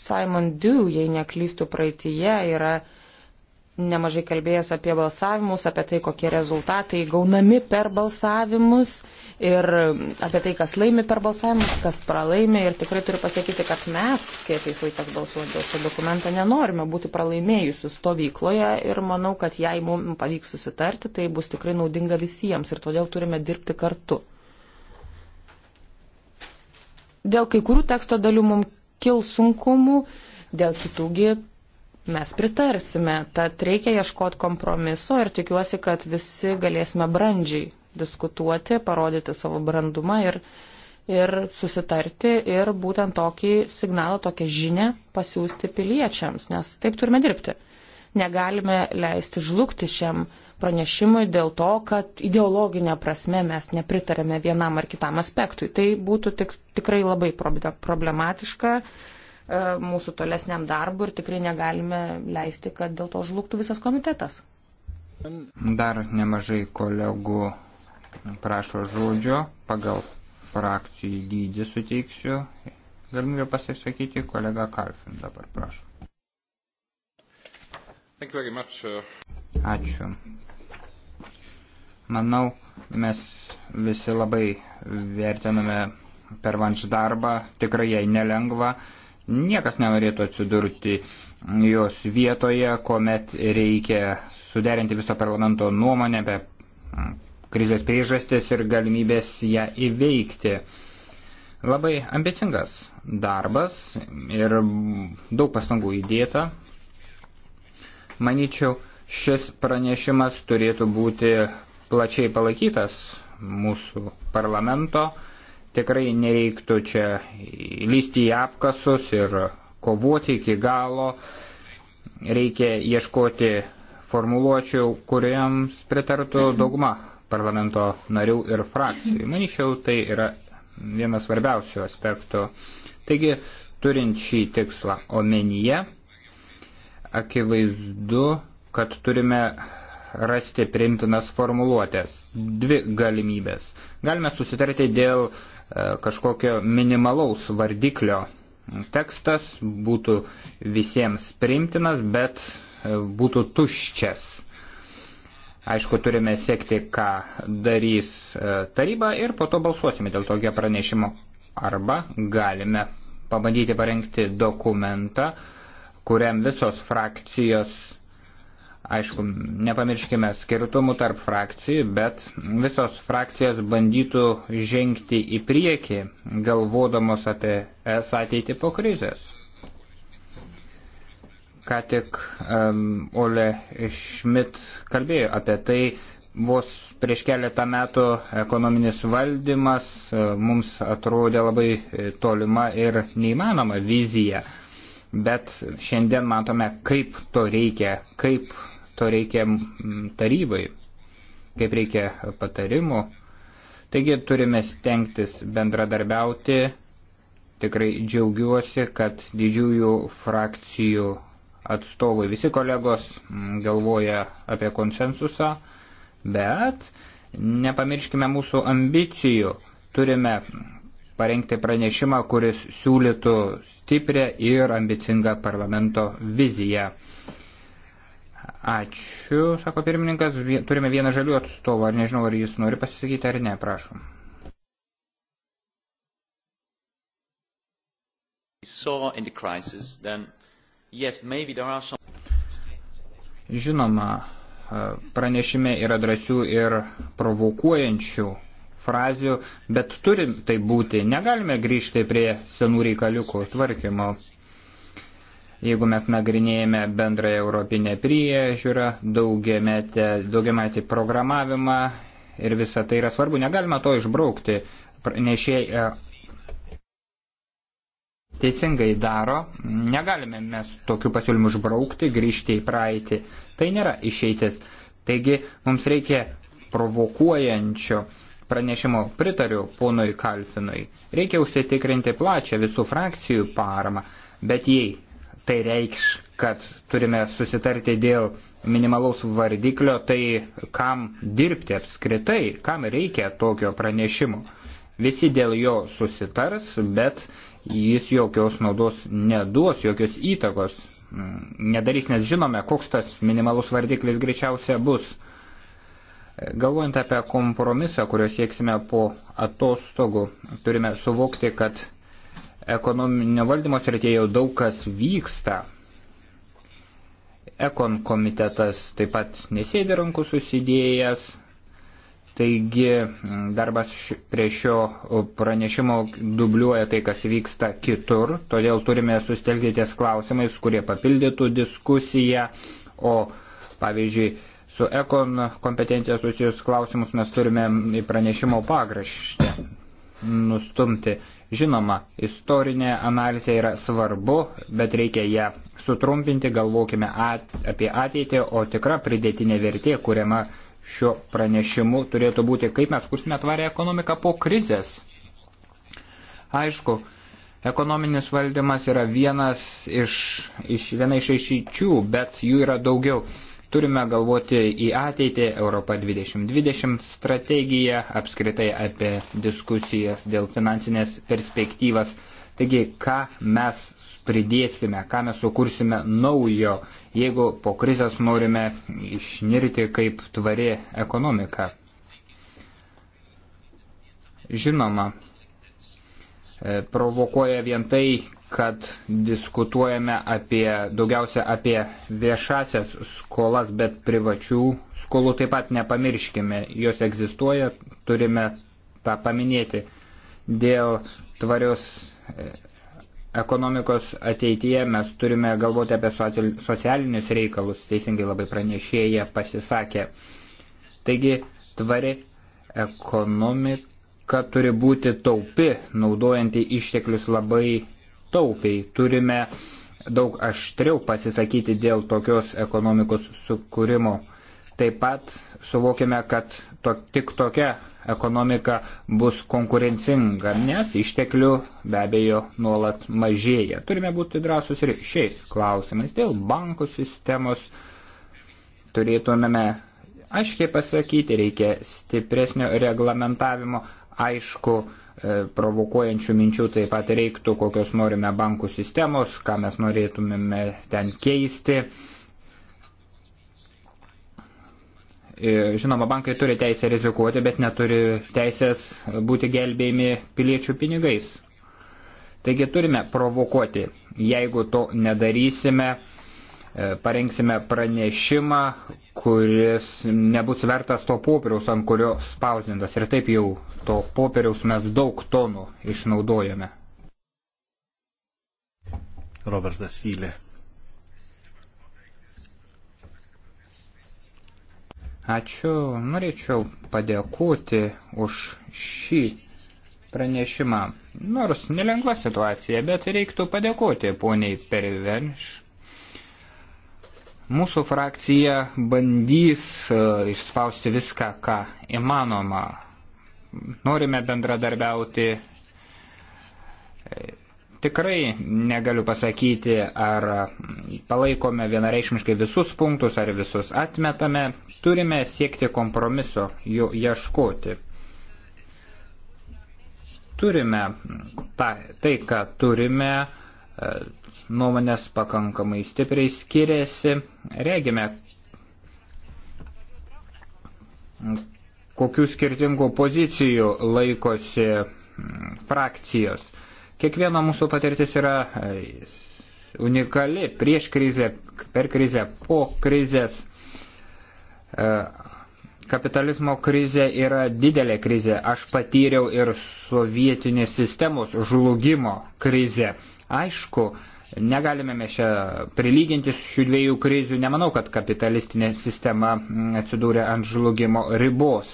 Simon Dew, jei neklystų praeitįje, yra nemažai kalbėjęs apie balsavimus, apie tai, kokie rezultatai gaunami per balsavimus ir apie tai, kas laimi per balsavimus, kas pralaimi. Ir tikrai turiu pasakyti, kad mes, kai ateis laikas balsuoti dėl šio dokumento, nenorime būti pralaimėjusius stovykloje ir manau, kad jei mums pavyks susitarti, tai bus tikrai naudinga visiems ir todėl turime dirbti kartu. Dėl kai kurių teksto dalių mums kils sunkumų, dėl kitųgi mes pritarsime. Tad reikia ieškoti kompromiso ir tikiuosi, kad visi galėsime brandžiai diskutuoti, parodyti savo brandumą ir, ir susitarti ir būtent tokį signalą, tokią žinę pasiūsti piliečiams, nes taip turime dirbti. Negalime leisti žlugti šiam pranešimui dėl to, kad ideologinė prasme mes nepritarėme vienam ar kitam aspektui. Tai būtų tik, tikrai labai problematiška E, mūsų tolesniam darbui ir tikrai negalime leisti, kad dėl to žlugtų visas komitetas. Dar nemažai kolegų prašo žodžio, pagal frakcijų dydį suteiksiu galimybę pasisakyti kolega Kalfin dabar, prašau. Uh, Ačiū. Manau, mes visi labai vertiname per vanš darbą, tikrai jai nelengva. Niekas nenorėtų atsidurti jos vietoje, kuomet reikia suderinti viso parlamento nuomonę apie mm, krizės priežastis ir galimybės ją įveikti. Labai ambicingas darbas ir daug pastangų įdėta. Maničiau, šis pranešimas turėtų būti plačiai palaikytas mūsų parlamento. Tikrai nereiktų čia lysti į apkasus ir kovoti iki galo. Reikia ieškoti formuluočių, kuriems pritartų dauguma parlamento narių ir frakcijų. Manyčiau, tai yra vienas svarbiausių aspektų. Taigi, turint šį tikslą omenyje, akivaizdu, kad turime rasti primtinas formuluotės. Dvi galimybės. Galime susitarti dėl E, kažkokio minimalaus vardiklio tekstas būtų visiems priimtinas, bet e, būtų tuščias. Aišku, turime sekti, ką darys e, taryba ir po to balsuosime dėl tokio pranešimo. Arba galime pabandyti parengti dokumentą, kuriam visos frakcijos Aišku, nepamirškime skirtumų tarp frakcijų, bet visos frakcijos bandytų žengti į priekį, galvodamos apie es ateitį po krizės. Ką tik um, Ole Schmidt kalbėjo apie tai, vos prieš keletą metų ekonominis valdymas e, mums atrodė labai e, tolima ir neįmanoma vizija. Bet šiandien matome, kaip to reikia, kaip to reikia tarybai, kaip reikia patarimų. Taigi turime stengtis bendradarbiauti. Tikrai džiaugiuosi, kad didžiųjų frakcijų atstovai visi kolegos galvoja apie konsensusą, bet nepamirškime mūsų ambicijų. Turime parengti pranešimą, kuris siūlytų stiprią ir ambicingą parlamento viziją. Ačiū, sako pirmininkas. Turime vieną žalių atstovą. Ar nežinau, ar jis nori pasisakyti ar ne, prašom. Žinoma, e, pranešime yra drąsių ir provokuojančių frazių, bet turi tai būti. Negalime grįžti prie senų reikaliukų tvarkymo. Jeigu mes nagrinėjame bendrąją europinę priežiūrą, daugiametį programavimą ir visą tai yra svarbu, negalima to išbraukti. Pranešėjai e, teisingai daro, negalime mes tokių pasiūlymų išbraukti, grįžti į praeitį. Tai nėra išeitis. Taigi mums reikia provokuojančio pranešimo pritariu ponui Kalfinui. Reikia užsitikrinti plačią visų frakcijų paramą, bet jei tai reikš, kad turime susitarti dėl minimalaus vardiklio, tai kam dirbti apskritai, kam reikia tokio pranešimo. Visi dėl jo susitars, bet jis jokios naudos neduos, jokios įtakos mm, nedarys, nes žinome, koks tas minimalus vardiklis greičiausia bus. Galvojant apie kompromisą, kurio sieksime po atostogų, turime suvokti, kad Ekonominio valdymo srityje jau daug kas vyksta. Ekon komitetas taip pat nesėdi rankų susidėjęs. Taigi darbas prie šio pranešimo dubliuoja tai, kas vyksta kitur, todėl turime sustelkti ties klausimais, kurie papildytų diskusiją, o pavyzdžiui, su ekon kompetencija susijus klausimus mes turime į pranešimo pagraštę nustumti. Žinoma, istorinė analizė yra svarbu, bet reikia ją sutrumpinti, galvokime at, apie ateitį, o tikra pridėtinė vertė, kuriama šiuo pranešimu turėtų būti, kaip mes kursime tvarę ekonomiką po krizės. Aišku, ekonominis valdymas yra vienas iš, iš, viena iš išeičių, bet jų yra daugiau. Turime galvoti į ateitį Europą 2020 strategiją, apskritai apie diskusijas dėl finansinės perspektyvas. Taigi, ką mes pridėsime, ką mes sukursime naujo, jeigu po krizės norime išnirti kaip tvari ekonomika. Žinoma, e, provokuoja vien tai, kad diskutuojame apie, daugiausia apie viešasias skolas, bet privačių skolų taip pat nepamirškime. Jos egzistuoja, turime tą paminėti. Dėl tvarios e, ekonomikos ateityje mes turime galvoti apie socialinius reikalus, teisingai labai pranešėja pasisakė. Taigi, tvari ekonomika turi būti taupi, naudojanti išteklius labai taupiai. Turime daug aštriau pasisakyti dėl tokios ekonomikos sukūrimo. Taip pat suvokime, kad to, tik tokia ekonomika bus konkurencinga, nes išteklių be abejo nuolat mažėja. Turime būti drąsus ir šiais klausimais. Dėl bankų sistemos turėtumėme aiškiai pasakyti, reikia stipresnio reglamentavimo. Aišku, E, provokuojančių minčių taip pat reiktų, kokios norime bankų sistemos, ką mes norėtumėme ten keisti. E, žinoma, bankai turi teisę rizikuoti, bet neturi teisės būti gelbėjami piliečių pinigais. Taigi turime provokuoti. Jeigu to nedarysime, E, parengsime pranešimą, kuris nebus vertas to popieriaus, ant kurio spausdintas. Ir taip jau to popieriaus mes daug tonų išnaudojame. Robertas Sylė. Ačiū, norėčiau padėkoti už šį pranešimą. Nors nelengva situacija, bet reiktų padėkoti poniai Pervenš Mūsų frakcija bandys e, išspausti viską, ką įmanoma. Norime bendradarbiauti. E, tikrai negaliu pasakyti, ar palaikome vienareikšmiškai visus punktus, ar visus atmetame. Turime siekti kompromiso, jų ieškoti. Turime ta, tai, ką turime, e, nuomonės pakankamai stipriai skiriasi. Regime, kokių skirtingų pozicijų laikosi mm, frakcijos. Kiekviena mūsų patirtis yra e, unikali prieš krizę, per krizę, po krizės. E, kapitalizmo krizė yra didelė krizė. Aš patyriau ir sovietinės sistemos žlugimo krizę. Aišku, Negalime mes čia prilyginti šių dviejų krizių. Nemanau, kad kapitalistinė sistema mm, atsidūrė ant žlugimo ribos.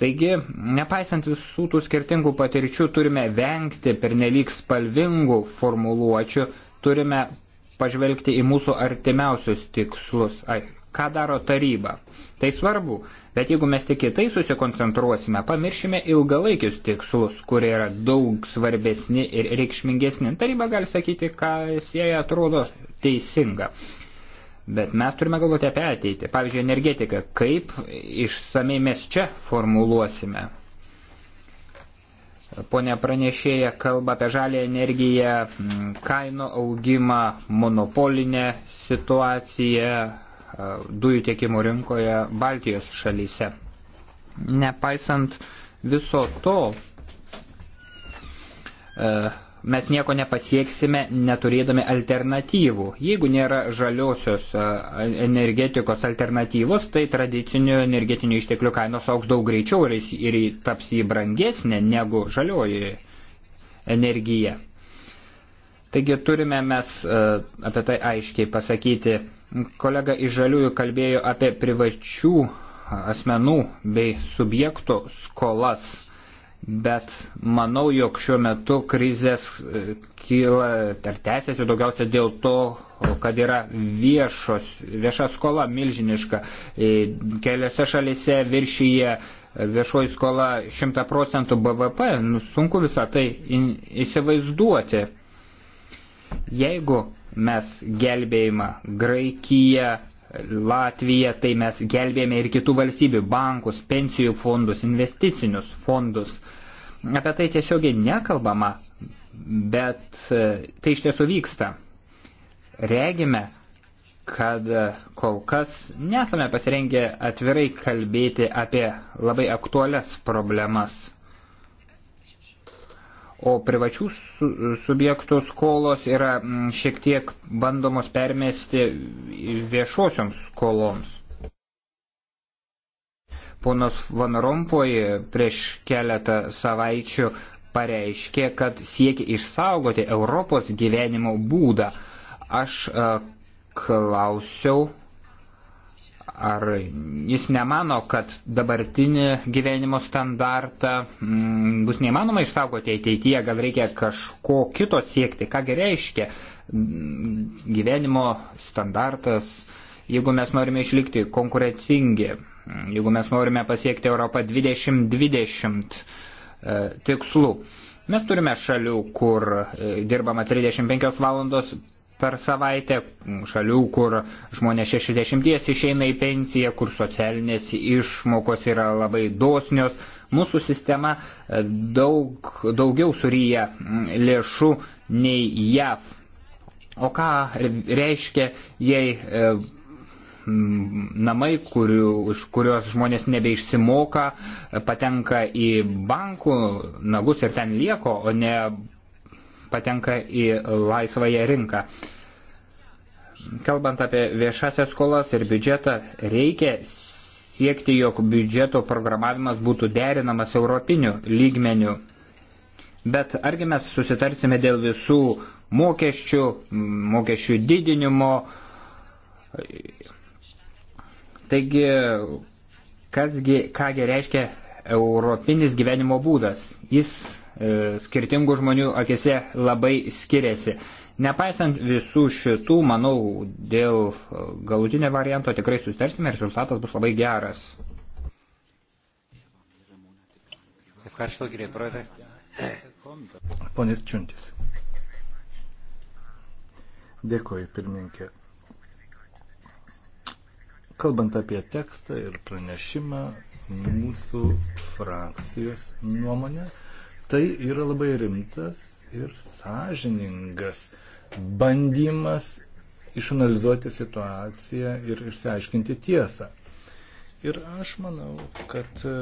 Taigi, nepaisant visų tų skirtingų patirčių, turime vengti pernelyg spalvingų formuluočių, turime pažvelgti į mūsų artimiausius tikslus. Ai, ką daro taryba? Tai svarbu, Bet jeigu mes tik į tai susikoncentruosime, pamiršime ilgalaikius tikslus, kurie yra daug svarbesni ir reikšmingesni, taryba gali sakyti, ką jai atrodo teisinga. Bet mes turime galvoti apie ateitį. Pavyzdžiui, energetiką. Kaip išsamei mes čia formuluosime? Pone pranešėja kalba apie žalį energiją, kaino augimą, monopolinę situaciją, dujų tiekimo rinkoje Baltijos šalyse. Nepaisant viso to, e, mes nieko nepasieksime neturėdami alternatyvų. Jeigu nėra žaliosios e, energetikos alternatyvos, tai tradicinių energetinių išteklių kainos auks daug greičiau ir, ir taps jį brangesnė negu žalioji energija. Taigi turime mes e, apie tai aiškiai pasakyti Kolega iš Žaliųjų kalbėjo apie privačių asmenų bei subjektų skolas, bet manau, jog šiuo metu krizės e, kyla ir tęsiasi daugiausia dėl to, kad yra viešos, vieša skola milžiniška. E, keliose šalise viršyje viešoji skola 100 procentų BVP, nu, sunku visą tai įsivaizduoti. Jeigu mes gelbėjimą Graikiją, Latviją, tai mes gelbėjame ir kitų valstybių bankus, pensijų fondus, investicinius fondus. Apie tai tiesiogiai nekalbama, bet e, tai iš tiesų vyksta. Regime, kad kol kas nesame pasirengę atvirai kalbėti apie labai aktualias problemas o privačių subjektų skolos yra mm, šiek tiek bandomos permesti viešosioms skoloms. Ponas Van Rompoj prieš keletą savaičių pareiškė, kad siekia išsaugoti Europos gyvenimo būdą. Aš e, klausiau Ar jis nemano, kad dabartinį gyvenimo standartą m, mm, bus neįmanoma išsaugoti ateityje, gal reikia kažko kito siekti, ką reiškia mm, gyvenimo standartas, jeigu mes norime išlikti konkurencingi, mm, jeigu mes norime pasiekti Europą 2020 e, tikslų. Mes turime šalių, kur e, dirbama 35 valandos per savaitę, šalių, kur žmonės 60 išeina į pensiją, kur socialinės išmokos yra labai dosnios. Mūsų sistema e, daug, daugiau suryja lėšų nei JAV. O ką reiškia, jei e, namai, kurių, už kuriuos žmonės nebeišsimoka, patenka į bankų nagus ir ten lieko, o ne patenka į laisvąją rinką. Kalbant apie viešasias skolas ir biudžetą, reikia siekti, jog biudžeto programavimas būtų derinamas europiniu lygmeniu. Bet argi mes susitarsime dėl visų mokesčių, mokesčių didinimo. Taigi, kasgi, kągi reiškia europinis gyvenimo būdas? Jis E, skirtingų žmonių akise labai skiriasi. Nepaisant visų šitų, manau, dėl e, galutinio varianto tikrai sustarsime ir rezultatas bus labai geras. Ponis Čiuntis. Dėkuoju, pirmininkė. Kalbant apie tekstą ir pranešimą, mūsų frakcijos nuomonė, tai yra labai rimtas ir sąžiningas bandymas išanalizuoti situaciją ir išsiaiškinti tiesą. Ir aš manau, kad e,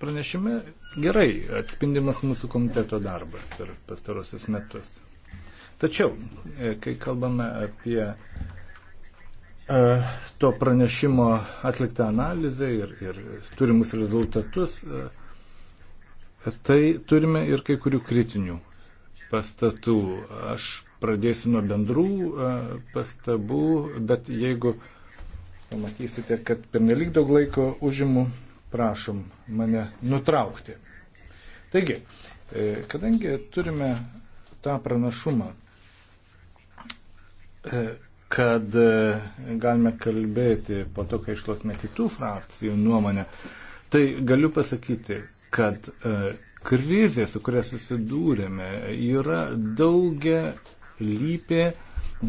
pranešime gerai atspindimas mūsų komiteto darbas per pastarosius metus. Tačiau, e, kai kalbame apie e, to pranešimo atliktą analizę ir, ir turimus rezultatus, tai turime ir kai kurių kritinių pastatų. Aš pradėsiu nuo bendrų e, pastabų, bet jeigu pamatysite, kad pernelyg daug laiko užimu, prašom mane nutraukti. Taigi, e, kadangi turime tą pranašumą, e, kad galime kalbėti po to, kai išklausime kitų frakcijų nuomonę, Tai galiu pasakyti, kad e, krizė, su kuria susidūrėme, yra daugia lypė,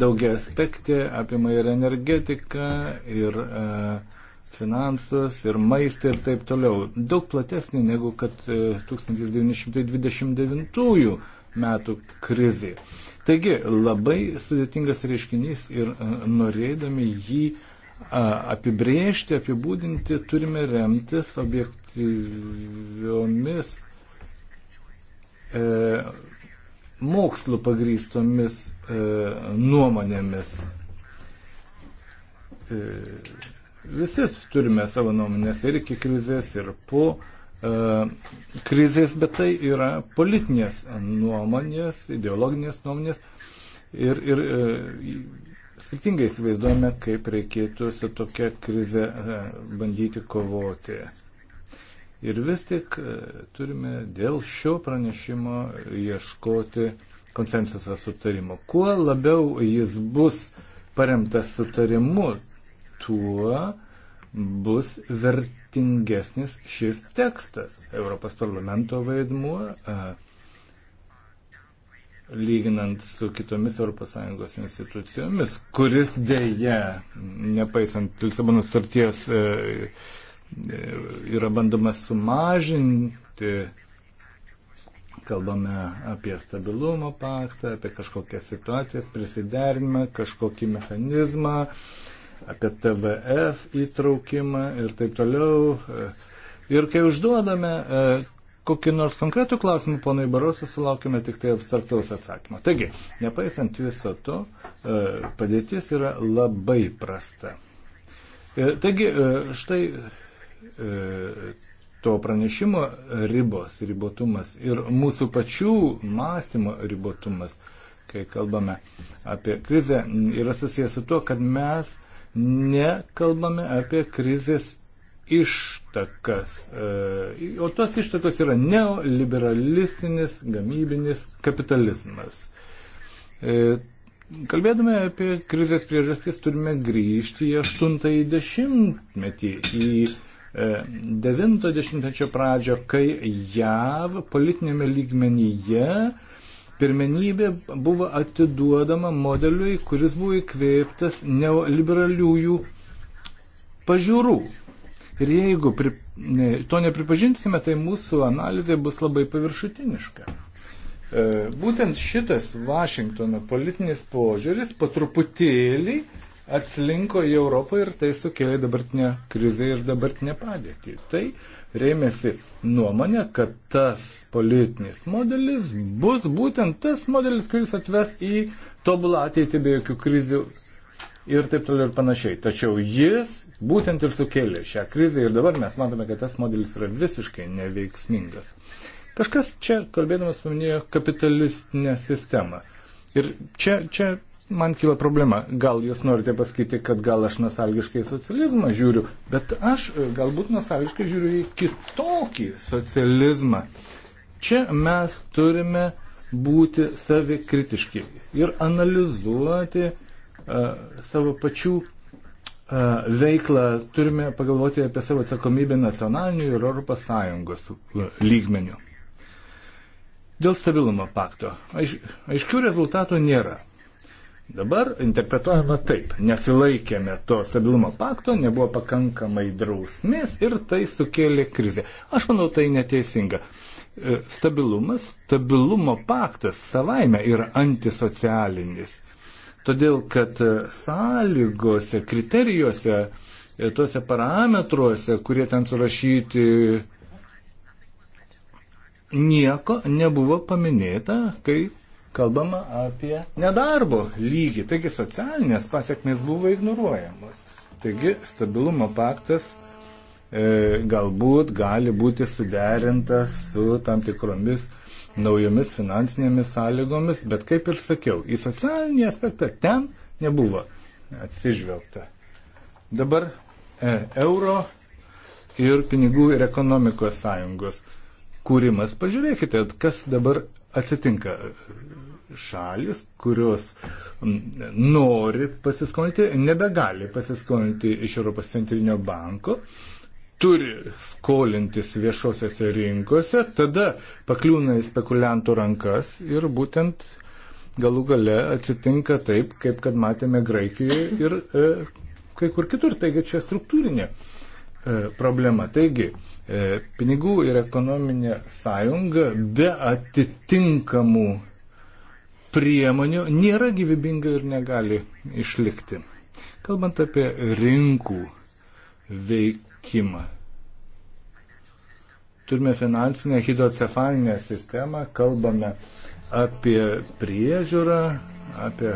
daugia aspektė, apima ir energetiką, ir e, finansus, ir maistą, ir taip toliau. Daug platesnė negu kad 1929 e, metų krizė. Taigi labai sudėtingas reiškinys ir norėdami jį uh, apibrėžti, apibūdinti turime remtis objektyviomis e, mokslo pagrystomis e, nuomonėmis. E, visi turime savo nuomonės ir iki krizės, ir po e, krizės, bet tai yra politinės nuomonės, ideologinės nuomonės. Ir, ir e, skirtingai įsivaizduojame, kaip reikėtų su tokia krize e, bandyti kovoti. Ir vis tik e, turime dėl šio pranešimo ieškoti konsensuso sutarimo. Kuo labiau jis bus paremtas sutarimu, tuo bus vertingesnis šis tekstas. Europos parlamento vaidmuo. A, e, lyginant su kitomis ES institucijomis, kuris dėje, nepaisant Lisabono starties, e, e, yra bandomas sumažinti. Kalbame apie stabilumo paktą, apie kažkokias situacijas, prisiderinimą, kažkokį mechanizmą, apie TVF įtraukimą ir taip toliau. E, ir kai užduodame kokį nors konkretų klausimą, ponai Barosą, sulaukime tik tai abstraktaus atsakymo. Taigi, nepaisant viso to, e, padėtis yra labai prasta. E, taigi, e, štai to pranešimo ribos, ribotumas ir mūsų pačių mąstymo ribotumas, kai kalbame apie krizę, yra susijęs su tuo, kad mes nekalbame apie krizės ištakas. E, o tos ištakas yra neoliberalistinis gamybinis kapitalizmas. E, kalbėdami apie krizės priežastis, turime grįžti į 80-metį, į 90-mečio e, pradžią, kai JAV politinėme lygmenyje pirmenybė buvo atiduodama modeliui, kuris buvo įkvėptas neoliberaliųjų pažiūrų. Ir jeigu pri, to nepripažinsime, tai mūsų analizė bus labai paviršutiniška. E, būtent šitas Vašingtono politinis požiūris po truputėlį atslinko į Europą ir tai sukėlė dabartinę krizę ir dabartinę padėtį. Tai rėmėsi nuomonė, kad tas politinis modelis bus būtent tas modelis, kuris atves į tobulą ateitį be jokių krizių ir taip toliau ir panašiai. Tačiau jis būtent ir sukėlė šią krizę ir dabar mes matome, kad tas modelis yra visiškai neveiksmingas. Kažkas čia, kalbėdamas, paminėjo kapitalistinę sistemą. Ir čia, čia man kyla problema. Gal jūs norite pasakyti, kad gal aš nostalgiškai socializmą žiūriu, bet aš e, galbūt nostalgiškai žiūriu į kitokį socializmą. Čia mes turime būti savikritiški ir analizuoti uh, savo pačių veiklą turime pagalvoti apie savo atsakomybę nacionalinių ir ES lygmenių. Dėl stabilumo pakto. Aiš, aiškių rezultatų nėra. Dabar interpretuojama taip. Nesilaikėme to stabilumo pakto, nebuvo pakankamai drausmės ir tai sukėlė krizę. Aš manau, tai neteisinga. E, stabilumas, stabilumo paktas savaime yra antisocialinis. Todėl, kad sąlygose, kriterijuose, e, tuose parametruose, kurie ten surašyti, nieko nebuvo paminėta, kai kalbama apie nedarbo lygį. Taigi socialinės pasiekmes buvo ignoruojamos. Taigi stabilumo paktas e, galbūt gali būti suderintas su tam tikromis naujomis finansinėmis sąlygomis, bet kaip ir sakiau, į socialinį aspektą ten nebuvo atsižvelgta. Dabar e, euro ir pinigų ir ekonomikos sąjungos kūrimas. Pažiūrėkite, kas dabar atsitinka. Šalis, kurios nori pasiskolinti, nebegali pasiskolinti iš Europos centrinio banko, turi skolintis viešosiose rinkose, tada pakliūna į spekuliantų rankas ir būtent galų gale atsitinka taip, kaip kad matėme Graikijoje ir e, kai kur kitur. Taigi čia struktūrinė e, problema. Taigi, e, pinigų ir ekonominė sąjunga be atitinkamų priemonių nėra gyvybinga ir negali išlikti. Kalbant apie rinkų veikimą. Turime finansinę hidrocefalinę sistemą, kalbame apie priežiūrą, apie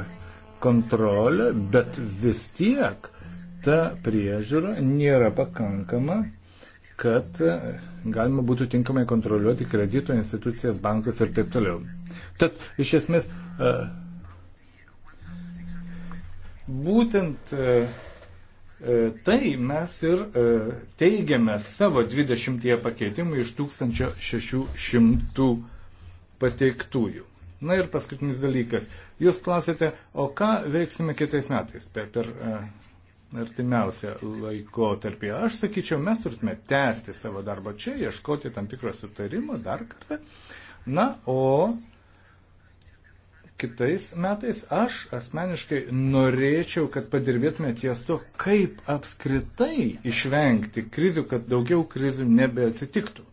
kontrolę, bet vis tiek ta priežiūra nėra pakankama, kad galima būtų tinkamai kontroliuoti kredito institucijas, bankus ir taip toliau. Tad iš esmės būtent E, tai mes ir e, teigiame savo 20 pakeitimų iš 1600 pateiktųjų. Na ir paskutinis dalykas. Jūs klausėte, o ką veiksime kitais metais per, per e, artimiausią laikotarpį. Aš sakyčiau, mes turėtume tęsti savo darbą čia, ieškoti tam tikro sutarimo dar kartą. Na, o Kitais metais aš asmeniškai norėčiau, kad padirbėtume ties to, kaip apskritai išvengti krizių, kad daugiau krizių nebeatsitiktų.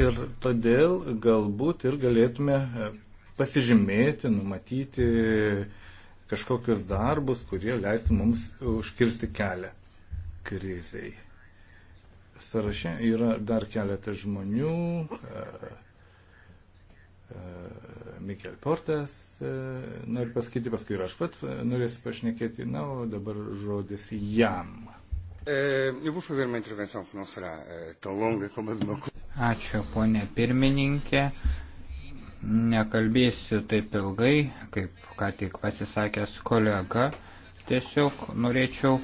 Ir todėl galbūt ir galėtume pasižymėti, numatyti kažkokius darbus, kurie leistų mums užkirsti kelią kriziai sąraše yra dar keletas žmonių. E, e, Mikel Portas, e, noriu pasakyti, paskui ir aš pats norėsiu pašnekėti, na, o dabar žodis jam. Ačiū, ponė pirmininkė. Nekalbėsiu taip ilgai, kaip ką tik pasisakęs kolega. Tiesiog norėčiau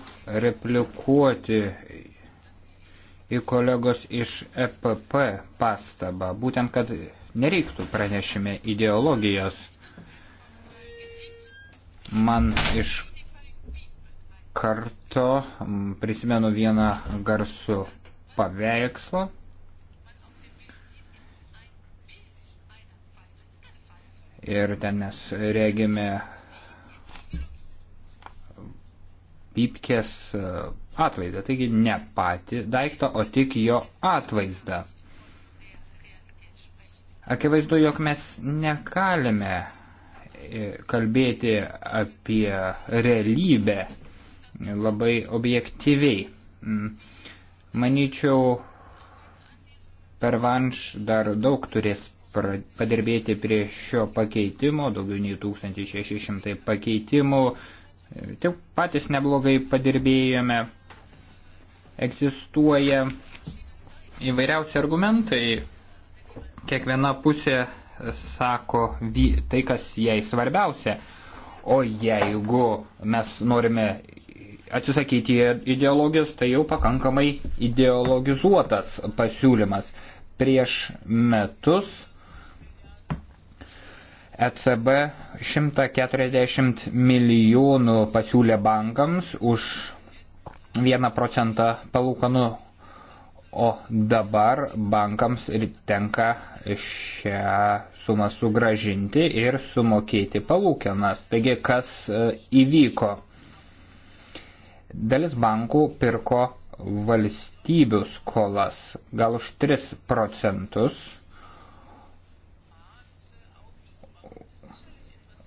replikuoti į kolegos iš EPP pastabą, būtent, kad nereiktų pranešime ideologijos. Man iš karto prisimenu vieną garsų paveikslą. Ir ten mes regime pypkės atvaizdą. Taigi ne pati daiktą, o tik jo atvaizdą. Akivaizdu, jog mes negalime e, kalbėti apie realybę labai objektyviai. Mm. Manyčiau, pervanš dar daug turės padirbėti prie šio pakeitimo, daugiau nei 1600 pakeitimų. Tik patys neblogai padirbėjome egzistuoja įvairiausi argumentai. Kiekviena pusė sako tai, kas jai svarbiausia. O jeigu mes norime atsisakyti ideologijos, tai jau pakankamai ideologizuotas pasiūlymas. Prieš metus ECB 140 milijonų pasiūlė bankams už 1 procentą palūkanų, o dabar bankams ir tenka šią sumą sugražinti ir sumokėti palūkenas. Taigi, kas e, įvyko? Dalis bankų pirko valstybių skolas gal už 3 procentus,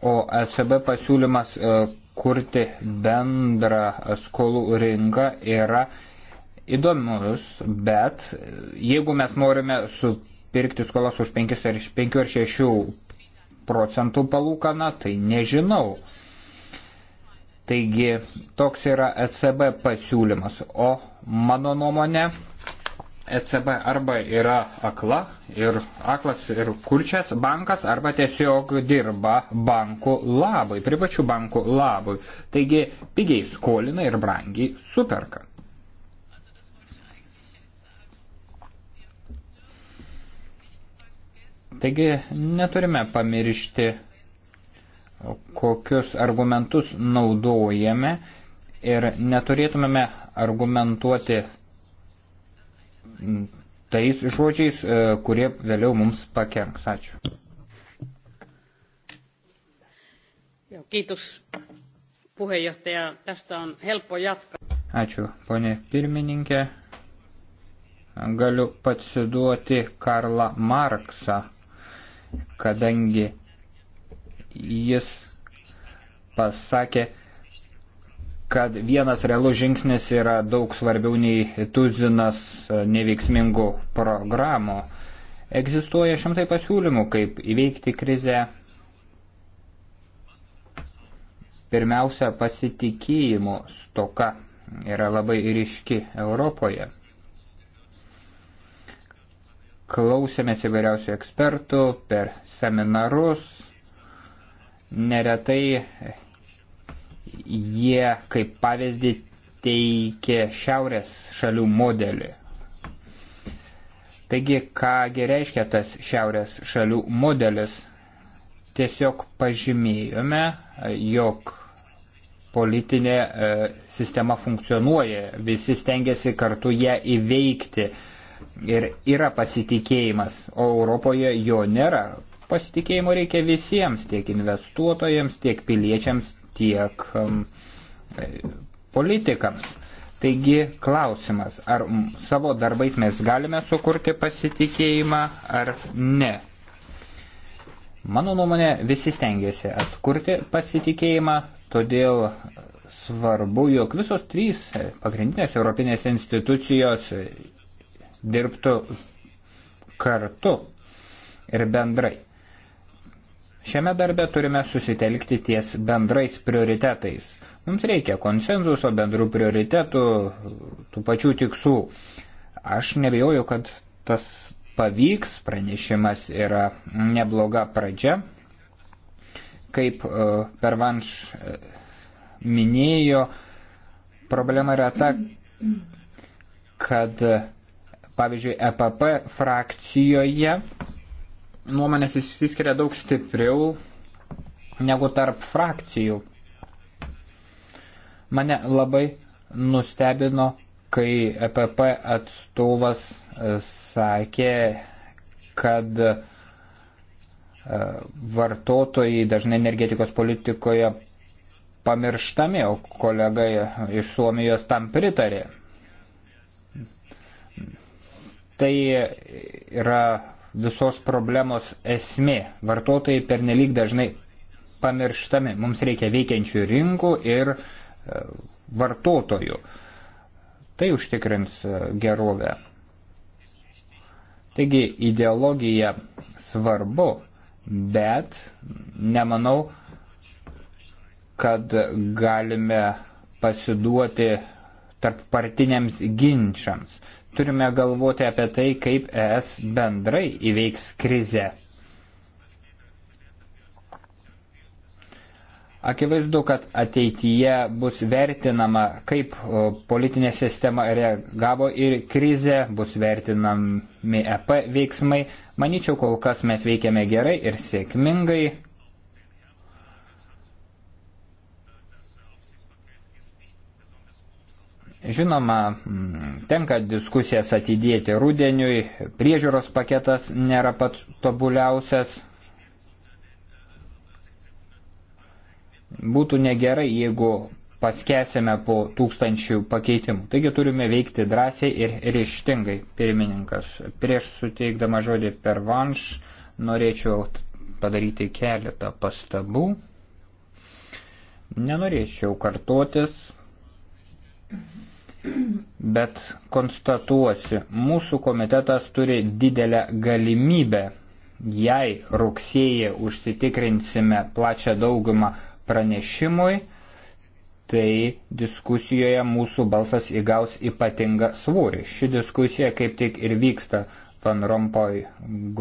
o ECB pasiūlymas e, kurti bendrą skolų rinką yra įdomus, bet jeigu mes norime supirkti skolas už 5 ar 5 ar 6 procentų palūkaną, tai nežinau. Taigi toks yra ECB pasiūlymas, o mano nuomonė ECB arba yra akla ir aklas ir kurčias bankas, arba tiesiog dirba bankų labui, privačių bankų labui. Taigi pigiai skolina ir brangiai superka. Taigi neturime pamiršti, kokius argumentus naudojame ir neturėtumėme argumentuoti tais žodžiais, e, kurie vėliau mums pakenks. Ačiū. Kiitos puheenjohtaja. Tästä on helppo jatkaa. Ačiū, ponė pirmininkė. Galiu patsiduoti Karlą Marksą, kadangi jis pasakė, kad vienas realus žingsnis yra daug svarbiau nei tuzinas e, neveiksmingų programų. Egzistuoja šimtai pasiūlymų, kaip įveikti krizę. Pirmiausia, pasitikėjimo stoka yra labai ryški Europoje. Klausėmės įvairiausių ekspertų per seminarus. Neretai jie kaip pavyzdį teikė šiaurės šalių modelį. Taigi, kągi reiškia tas šiaurės šalių modelis? Tiesiog pažymėjome, jog politinė e, sistema funkcionuoja, visi stengiasi kartu ją įveikti ir yra pasitikėjimas, o Europoje jo nėra. Pasitikėjimo reikia visiems, tiek investuotojams, tiek piliečiams, tiek um, e, politikams. Taigi klausimas, ar savo darbais mes galime sukurti pasitikėjimą ar ne. Mano nuomonė, visi stengiasi atkurti pasitikėjimą, todėl svarbu, jog visos trys pagrindinės europinės institucijos dirbtų kartu ir bendrai. Šiame darbe turime susitelkti ties bendrais prioritetais. Mums reikia konsenzuso, bendrų prioritetų, tų pačių tikslų. Aš nebejoju, kad tas pavyks, pranešimas yra nebloga pradžia. Kaip e, pervanš e, minėjo, problema yra ta, kad pavyzdžiui, EPP frakcijoje nuomonės išsiskiria daug stipriau negu tarp frakcijų. Mane labai nustebino, kai EPP atstovas e, sakė, kad e, vartotojai dažnai energetikos politikoje pamirštami, o kolegai iš Suomijos tam pritarė. Tai yra visos problemos esmė. Vartotojai pernelyg dažnai pamirštami. Mums reikia veikiančių rinkų ir e, vartotojų. Tai užtikrins e, gerovę. Taigi ideologija svarbu, bet nemanau, kad galime pasiduoti tarp partiniams ginčiams turime galvoti apie tai, kaip ES bendrai įveiks krizę. Akivaizdu, kad ateityje bus vertinama, kaip politinė sistema reagavo ir krizė, bus vertinami EP veiksmai. Maničiau, kol kas mes veikiame gerai ir sėkmingai. Žinoma, mm, tenka diskusijas atidėti rudeniui, priežiūros paketas nėra pats tobuliausias. Būtų negerai, jeigu paskesime po tūkstančių pakeitimų. Taigi turime veikti drąsiai ir ryštingai, pirmininkas. Prieš suteikdama žodį per vanš, norėčiau padaryti keletą pastabų. Nenorėčiau kartotis bet konstatuosiu, mūsų komitetas turi didelę galimybę, jei rugsėje užsitikrinsime plačią daugumą pranešimui, tai diskusijoje mūsų balsas įgaus ypatingą svūrį. Ši diskusija kaip tik ir vyksta Van Rompoj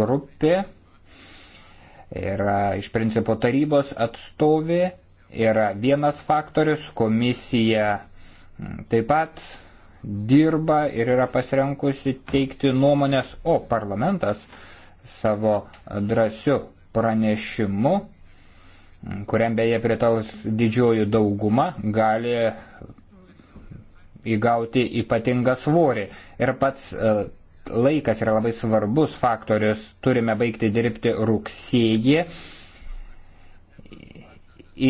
grupė, yra iš principo tarybos atstovė, yra vienas faktorius, komisija Mm. taip pat dirba ir yra pasirenkusi teikti nuomonės, o parlamentas savo drąsiu pranešimu, mm, kuriam beje pritals didžioji dauguma, gali įgauti ypatingą svorį. Ir pats e, laikas yra labai svarbus faktorius, turime baigti dirbti rugsėjį.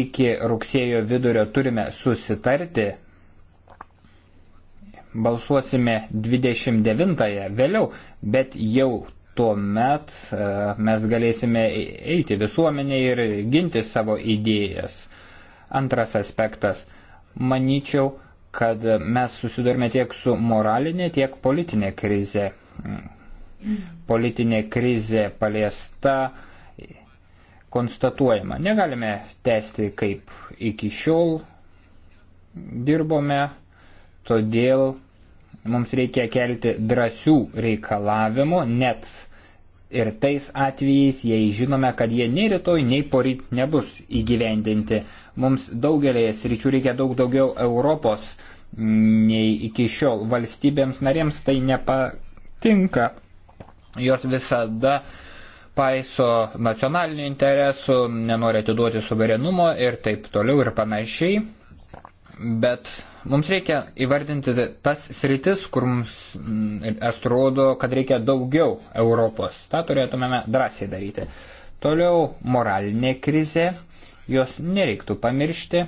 Iki rugsėjo vidurio turime susitarti balsuosime 29-ąją vėliau, bet jau tuo met e, mes galėsime e, eiti visuomenė ir ginti savo idėjas. Antras aspektas. Manyčiau, kad mes susidurime tiek su moralinė, tiek politinė krize. Politinė krize paliesta, konstatuojama. Negalime tęsti kaip iki šiol dirbome Todėl mums reikia kelti drąsių reikalavimų, net ir tais atvejais, jei žinome, kad jie nei rytoj, nei poryt nebus įgyvendinti. Mums daugelėje sričių reikia daug daugiau Europos nei iki šiol. Valstybėms narėms tai nepatinka. Jos visada paiso nacionalinių interesų, nenori atiduoti suverenumo ir taip toliau ir panašiai. Bet Mums reikia įvardinti tas sritis, kur mums atrodo, mm, kad reikia daugiau Europos. Ta turėtumėme drąsiai daryti. Toliau moralinė krizė, jos nereiktų pamiršti.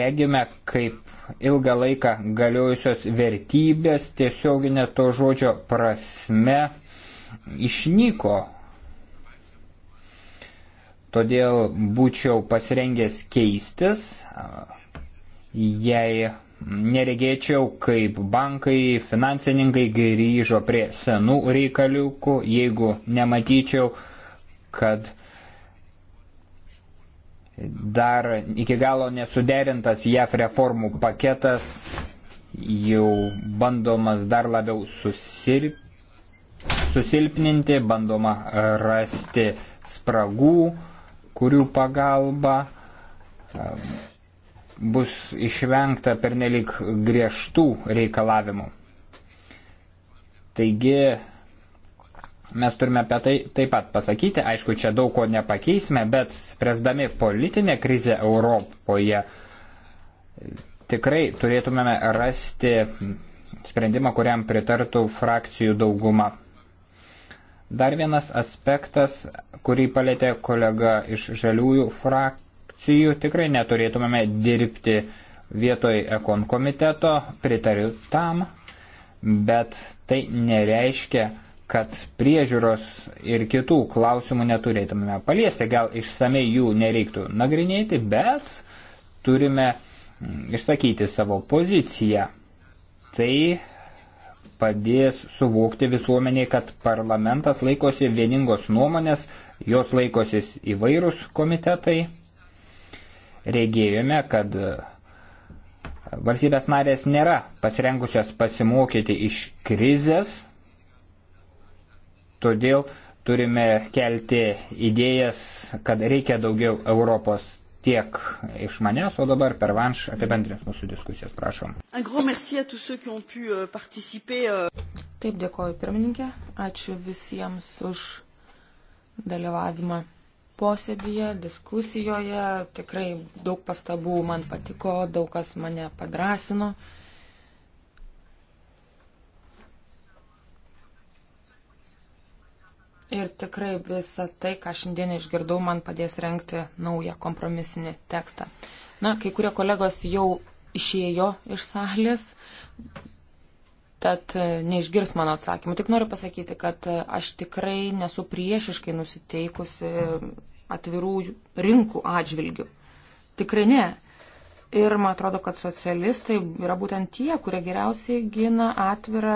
Regime, kaip ilgą laiką galiojusios vertybės tiesioginė to žodžio prasme išnyko todėl būčiau pasirengęs keistis, jei neregėčiau, kaip bankai, finansininkai grįžo prie senų reikaliukų, jeigu nematyčiau, kad dar iki galo nesuderintas JAF reformų paketas jau bandomas dar labiau susirp, susilpninti, bandoma rasti spragų, kurių pagalba bus išvengta pernelik griežtų reikalavimų. Taigi mes turime apie tai taip pat pasakyti, aišku, čia daug ko nepakeisime, bet spręsdami politinę krizę Europoje tikrai turėtumėme rasti sprendimą, kuriam pritartų frakcijų dauguma. Dar vienas aspektas, kurį palėtė kolega iš žaliųjų frak Su jų tikrai neturėtumėme dirbti vietoj ekon komiteto, pritariu tam, bet tai nereiškia, kad priežiūros ir kitų klausimų neturėtumėme paliesti. Gal išsamei jų nereiktų nagrinėti, bet turime mm, išsakyti savo poziciją. Tai padės suvokti visuomeniai, kad parlamentas laikosi vieningos nuomonės, jos laikosi įvairūs komitetai regėjome, kad e, valstybės narės nėra pasirengusios pasimokyti iš krizės, todėl turime kelti idėjas, kad reikia daugiau Europos tiek iš manęs, o dabar per vanš apibendrins mūsų diskusijas, prašom. Euh, euh. Taip, dėkoju pirmininkė, ačiū visiems už dalyvavimą posėdėje, diskusijoje. Tikrai daug pastabų man patiko, daug kas mane padrasino. Ir tikrai visa tai, ką šiandien išgirdau, man padės renkti naują kompromisinį tekstą. Na, kai kurie kolegos jau išėjo iš salės, tad e, neišgirs mano atsakymų. Tik noriu pasakyti, kad e, aš tikrai nesu priešiškai nusiteikusi e, atvirų rinkų atžvilgių. Tikrai ne. Ir man atrodo, kad socialistai yra būtent tie, kurie geriausiai gina atvirą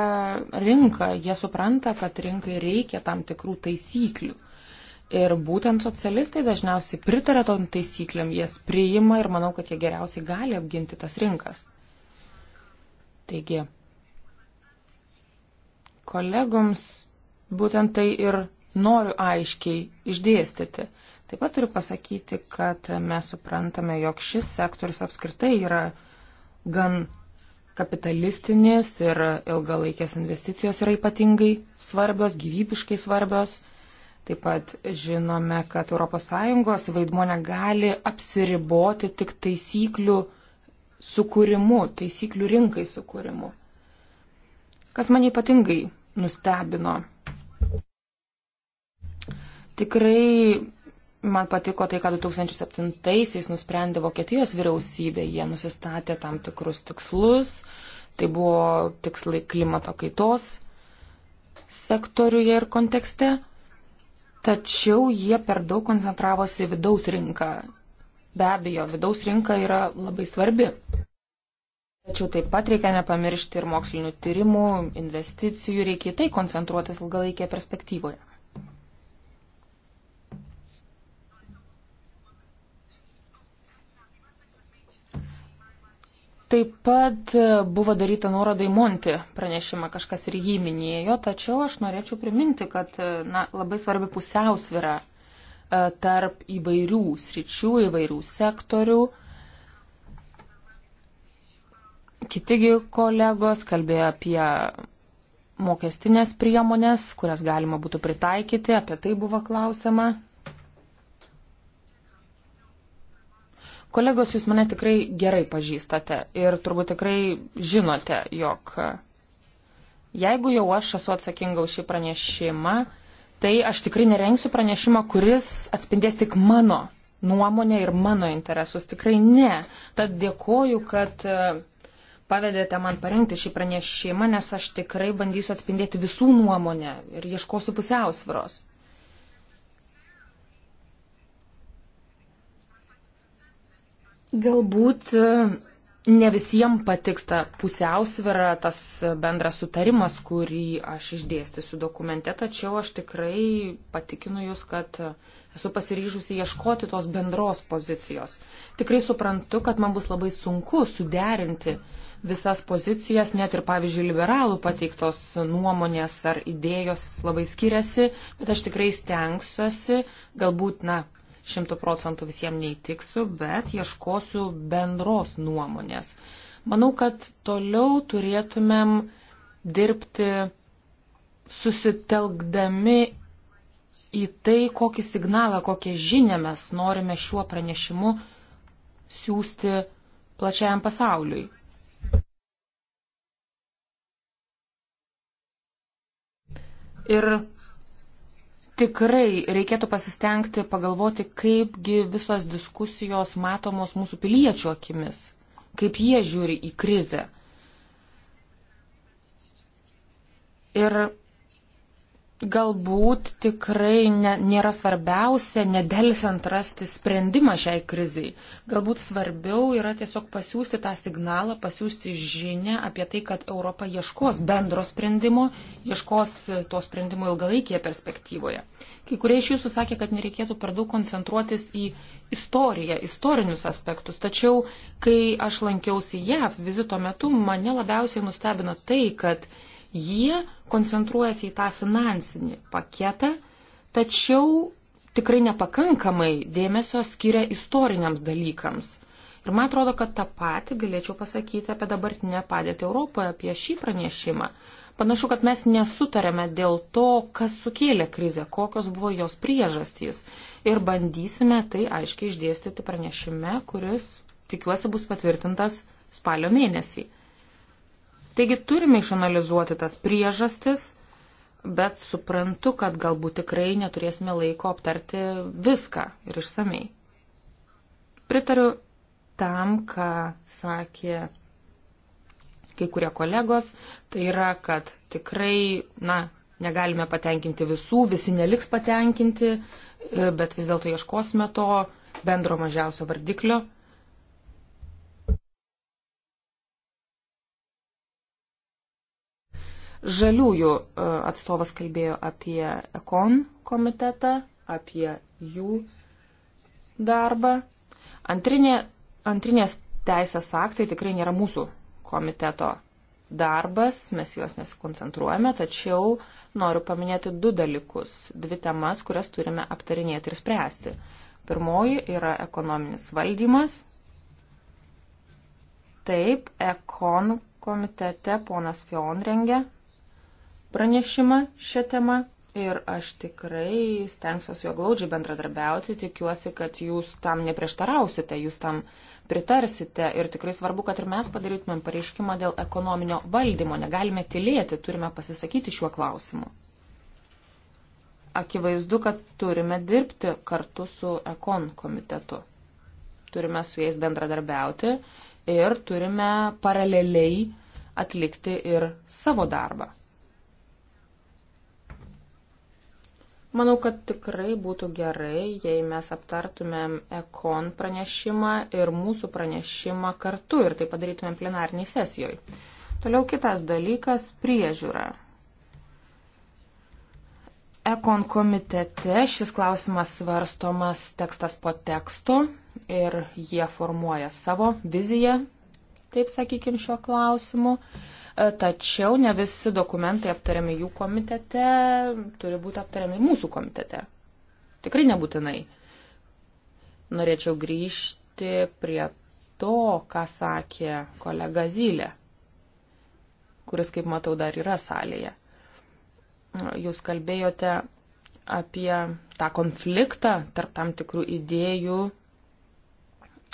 rinką. Jie supranta, kad rinkai reikia tam tikrų taisyklių. Ir būtent socialistai dažniausiai pritarė tom taisyklėm, jas priima ir manau, kad jie geriausiai gali apginti tas rinkas. Taigi, Kolegoms būtent tai ir noriu aiškiai išdėstyti. Taip pat turiu pasakyti, kad mes suprantame, jog šis sektorius apskritai yra gan kapitalistinės ir ilgalaikės investicijos yra ypatingai svarbios, gyvybiškai svarbios. Taip pat žinome, kad ES vaidmo negali apsiriboti tik taisyklių sukūrimu, taisyklių rinkai sukūrimu. Kas man ypatingai nustebino. Tikrai man patiko tai, kad 2007-aisiais nusprendė Vokietijos vyriausybė, jie nusistatė tam tikrus tikslus, tai buvo tikslai klimato kaitos sektoriuje ir kontekste, tačiau jie per daug koncentravosi vidaus rinką. Be abejo, vidaus rinka yra labai svarbi. Tačiau taip pat reikia nepamiršti ir mokslinių tyrimų, investicijų, reikia į tai koncentruotis ilgalaikėje perspektyvoje. Taip pat e, buvo daryta nuoroda į Monti pranešimą, kažkas ir jį minėjo, tačiau aš norėčiau priminti, kad e, na, labai svarbi pusiausvira e, tarp įvairių sričių, įvairių sektorių kitigi kolegos kalbėjo apie mokestinės priemonės, kurias galima būtų pritaikyti, apie tai buvo klausima. Kolegos, jūs mane tikrai gerai pažįstate ir turbūt tikrai žinote, jog jeigu jau aš esu atsakinga už šį pranešimą, tai aš tikrai nerengsiu pranešimą, kuris atspindės tik mano nuomonę ir mano interesus. Tikrai ne. Tad dėkoju, kad pavedėte man parengti šį pranešimą, nes aš tikrai bandysiu atspindėti visų nuomonę ir ieškosiu pusiausvros. Galbūt e, ne visiems patiks ta pusiausvėra, tas bendras sutarimas, kurį aš išdėstysiu dokumente, tačiau aš tikrai patikinu Jūs, kad esu pasiryžusi ieškoti tos bendros pozicijos. Tikrai suprantu, kad man bus labai sunku suderinti uh, visas pozicijas, net ir, pavyzdžiui, liberalų pateiktos nuomonės ar idėjos labai skiriasi, bet aš tikrai stengsiuosi, galbūt, na, šimtų procentų visiems neįtiksiu, bet ieškosiu bendros nuomonės. Manau, kad toliau turėtumėm dirbti susitelkdami į tai, kokį signalą, kokią žinę mes norime šiuo pranešimu siūsti plačiajam pasauliui. Ir tikrai reikėtų pasistengti pagalvoti, kaipgi visos diskusijos matomos mūsų piliečių akimis, kaip jie žiūri į krizę. Ir galbūt tikrai ne, nėra svarbiausia nedelsiant rasti sprendimą šiai krizai. Galbūt svarbiau yra tiesiog pasiūsti tą signalą, pasiūsti žinę apie tai, kad Europa ieškos bendro sprendimo, ieškos to sprendimo ilgalaikėje perspektyvoje. Kai kurie iš jūsų sakė, kad nereikėtų per daug koncentruotis į istoriją, istorinius aspektus. Tačiau, kai aš lankiausi JAV vizito metu, mane labiausiai nustebino tai, kad jie koncentruojasi į tą finansinį paketą, tačiau tikrai nepakankamai dėmesio skiria istoriniams dalykams. Ir man atrodo, kad tą patį galėčiau pasakyti apie dabartinę padėtį Europoje, apie šį pranešimą. Panašu, kad mes nesutarėme dėl to, kas sukėlė krizę, kokios buvo jos priežastys. Ir bandysime tai aiškiai išdėstyti pranešime, kuris, tikiuosi, bus patvirtintas spalio mėnesį. Taigi turime išanalizuoti tas priežastis, bet suprantu, kad galbūt tikrai neturėsime laiko aptarti viską ir išsamei. Pritariu tam, ką sakė kai kurie kolegos, tai yra, kad tikrai, na, negalime patenkinti visų, visi neliks patenkinti, e, bet vis dėlto ieškosime to bendro mažiausio vardiklio Žaliųjų e, atstovas kalbėjo apie ekon komitetą, apie jų darbą. Antrinė, antrinės teisės aktai tikrai nėra mūsų komiteto darbas, mes juos nesikoncentruojame, tačiau noriu paminėti du dalykus, dvi temas, kurias turime aptarinėti ir spręsti. Pirmoji yra ekonominis valdymas. Taip, ekon komitete ponas Fion rengia pranešimą šią temą ir aš tikrai stengsiuosi jo glaudžiai bendradarbiauti, tikiuosi, kad jūs tam neprieštarausite, jūs tam pritarsite ir tikrai svarbu, kad ir mes padarytumėm pareiškimą dėl ekonominio valdymo, negalime tylėti, turime pasisakyti šiuo klausimu. Akivaizdu, kad turime dirbti kartu su ekon komitetu. Turime su jais bendradarbiauti ir turime paraleliai atlikti ir savo darbą. Manau, kad tikrai būtų gerai, jei mes aptartumėm ekon pranešimą ir mūsų pranešimą kartu ir tai padarytumėm plenarniai sesijoj. Toliau kitas dalykas - priežiūra. Ekon komitete šis klausimas svarstomas tekstas po teksto ir jie formuoja savo viziją, taip sakykime, šiuo klausimu. Uh, E, tačiau ne visi dokumentai aptariami jų komitete turi būti aptariami mūsų komitete. Tikrai nebūtinai. Norėčiau grįžti prie to, ką sakė kolega Zylė, kuris, kaip matau, dar yra salėje. E, jūs kalbėjote apie tą konfliktą tarp tam tikrų idėjų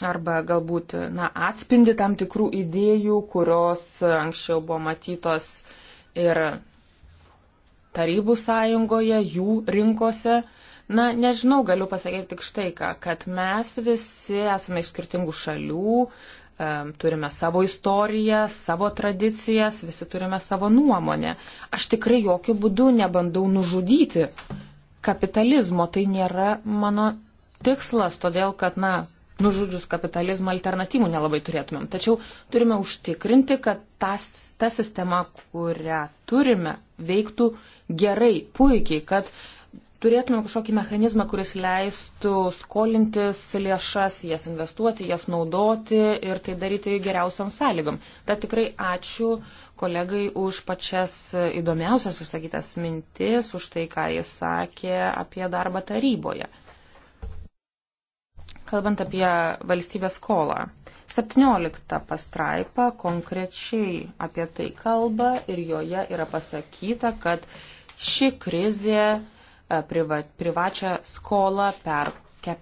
arba galbūt na, atspindi tam tikrų idėjų, kurios anksčiau buvo matytos ir tarybų sąjungoje, jų rinkose. Na, nežinau, galiu pasakyti tik štai ką, kad mes visi esame iš skirtingų šalių, turime savo istoriją, savo tradicijas, visi turime savo nuomonę. Aš tikrai jokių būdų nebandau nužudyti kapitalizmo, tai nėra mano tikslas, todėl kad, na, nužudžius kapitalizmą alternatyvų nelabai turėtumėm. Tačiau turime užtikrinti, kad tas, ta sistema, kurią turime, veiktų gerai, puikiai, kad turėtumėm kažkokį mechanizmą, kuris leistų skolintis lėšas, jas investuoti, jas naudoti ir tai daryti geriausiam sąlygom. Tad tikrai ačiū kolegai už pačias įdomiausias išsakytas mintis, už tai, ką jis sakė apie darbą taryboje kalbant apie valstybės skolą. 17 pastraipa konkrečiai apie tai kalba ir joje yra pasakyta, kad ši krizė e, priva, privačią skolą per,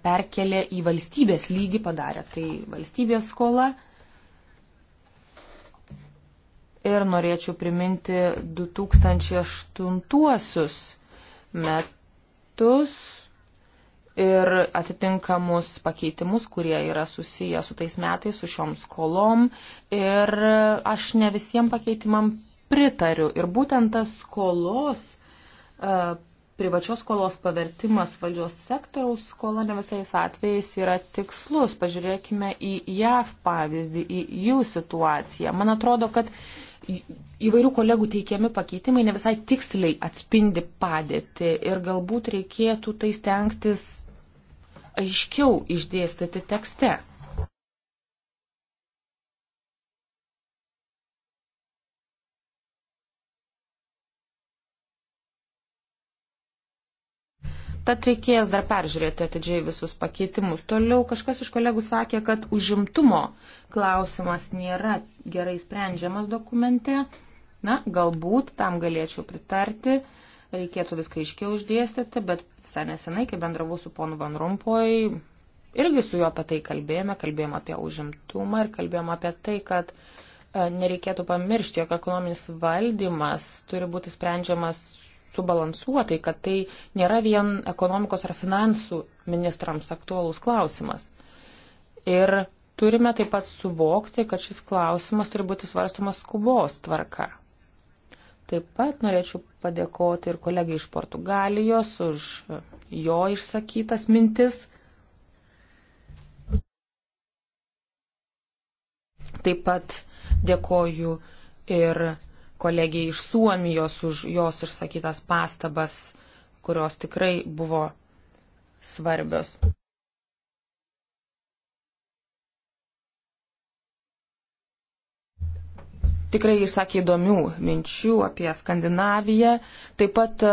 perkelė į valstybės lygį padarė. Tai valstybės skola. Ir norėčiau priminti 2008 metus ir atitinkamus pakeitimus, kurie yra susiję su tais metais, su šiom skolom. Ir aš ne visiems pakeitimam pritariu. Ir būtent tas skolos, e, privačios skolos pavertimas valdžios sektoriaus skola ne visais atvejais yra tikslus. Pažiūrėkime į JAV pavyzdį, į jų situaciją. Man atrodo, kad įvairių kolegų teikiami pakeitimai ne visai tiksliai atspindi padėtį ir galbūt reikėtų tai stengtis aiškiau išdėstyti tekste. Tad reikės dar peržiūrėti atidžiai visus pakeitimus. Toliau kažkas iš kolegų sakė, kad užimtumo klausimas nėra gerai sprendžiamas dokumente. Na, galbūt tam galėčiau pritarti, reikėtų viską aiškiau uždėstyti, bet visai nesenai, kai bendravau su ponu Van Rumpoj, irgi su juo apie tai kalbėjome, kalbėjome apie užimtumą ir kalbėjome apie tai, kad e, nereikėtų pamiršti, jog ekonominis valdymas turi būti sprendžiamas subalansuotai, kad tai nėra vien ekonomikos ar finansų ministrams aktuolus klausimas. Ir turime taip pat suvokti, kad šis klausimas turi būti svarstomas skubos tvarka. Taip pat norėčiau padėkoti ir kolegai iš Portugalijos už jo išsakytas mintis. Taip pat dėkoju ir kolegijai iš Suomijos už jos išsakytas pastabas, kurios tikrai buvo svarbios. tikrai išsakė įdomių minčių apie Skandinaviją. Taip pat e,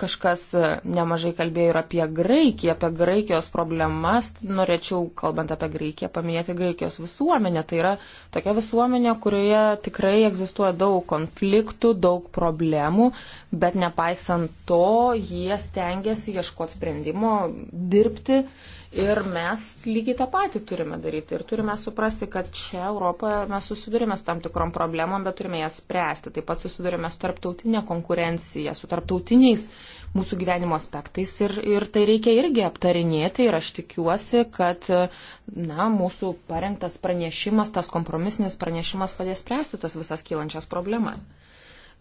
kažkas e, nemažai kalbėjo ir apie Graikiją, apie Graikijos problemas. Norėčiau, kalbant apie Graikiją, paminėti Graikijos visuomenę. Tai yra tokia visuomenė, kurioje tikrai egzistuoja daug konfliktų, daug problemų, bet nepaisant to, jie stengiasi ieškoti sprendimo, dirbti Ir mes lygiai tą patį turime daryti. Ir turime suprasti, kad čia Europoje mes susidurime su tam tikrom problemom, bet turime jas spręsti. Taip pat susidurime su tarptautinė konkurencija, su tarptautiniais mūsų gyvenimo aspektais. Ir, ir tai reikia irgi aptarinėti. Ir aš tikiuosi, kad na, mūsų parengtas pranešimas, tas kompromisinis pranešimas padės spręsti tas visas kylančias problemas.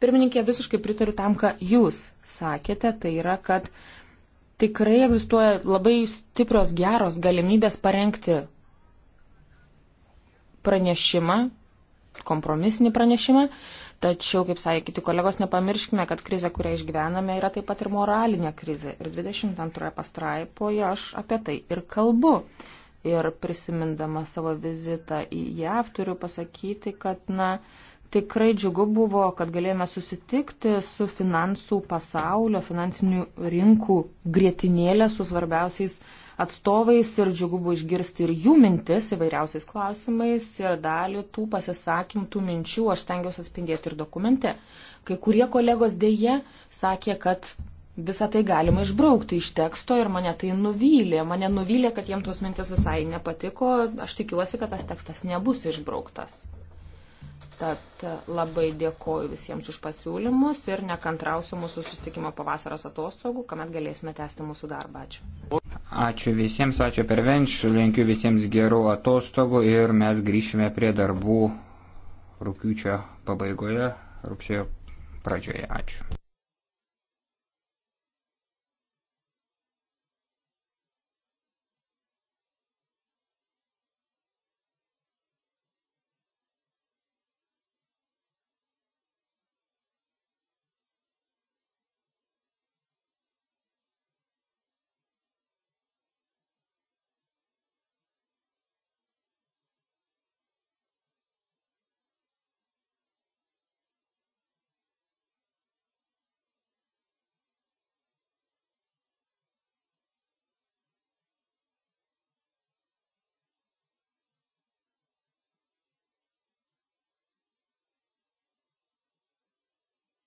Pirmininkė, visiškai pritariu tam, ką jūs sakėte. Tai yra, kad tikrai egzistuoja labai stiprios geros galimybės parengti pranešimą, kompromisinį pranešimą, tačiau, kaip sakė kiti kolegos, nepamirškime, kad krizė, kurią išgyvename, yra taip pat ir moralinė krizė. Ir 22 pastraipoje aš apie tai ir kalbu. Ir prisimindama savo vizitą į JAV turiu pasakyti, kad, na, uh, Tikrai džiugu buvo, kad galėjome susitikti su finansų pasaulio, finansinių rinkų grėtinėlė, su svarbiausiais atstovais ir džiugu buvo išgirsti ir jų mintis įvairiausiais klausimais ir dalį tų pasisakymų, tų minčių aš stengiuosi atspindėti ir dokumente. Kai kurie kolegos dėje sakė, kad visą tai galima išbraukti iš teksto ir mane tai nuvylė. Mane nuvylė, kad jiems tos mintis visai nepatiko. Aš tikiuosi, kad tas tekstas nebus išbrauktas. Tad e, labai dėkoju visiems už pasiūlymus ir nekantrausiu mūsų susitikimo po vasaros atostogų, kuomet galėsime tęsti mūsų darbą. Ačiū. Ačiū visiems, ačiū per venč, linkiu visiems gerų atostogų ir mes grįšime prie darbų rūpiučio pabaigoje, rugsėjo pradžioje. Ačiū.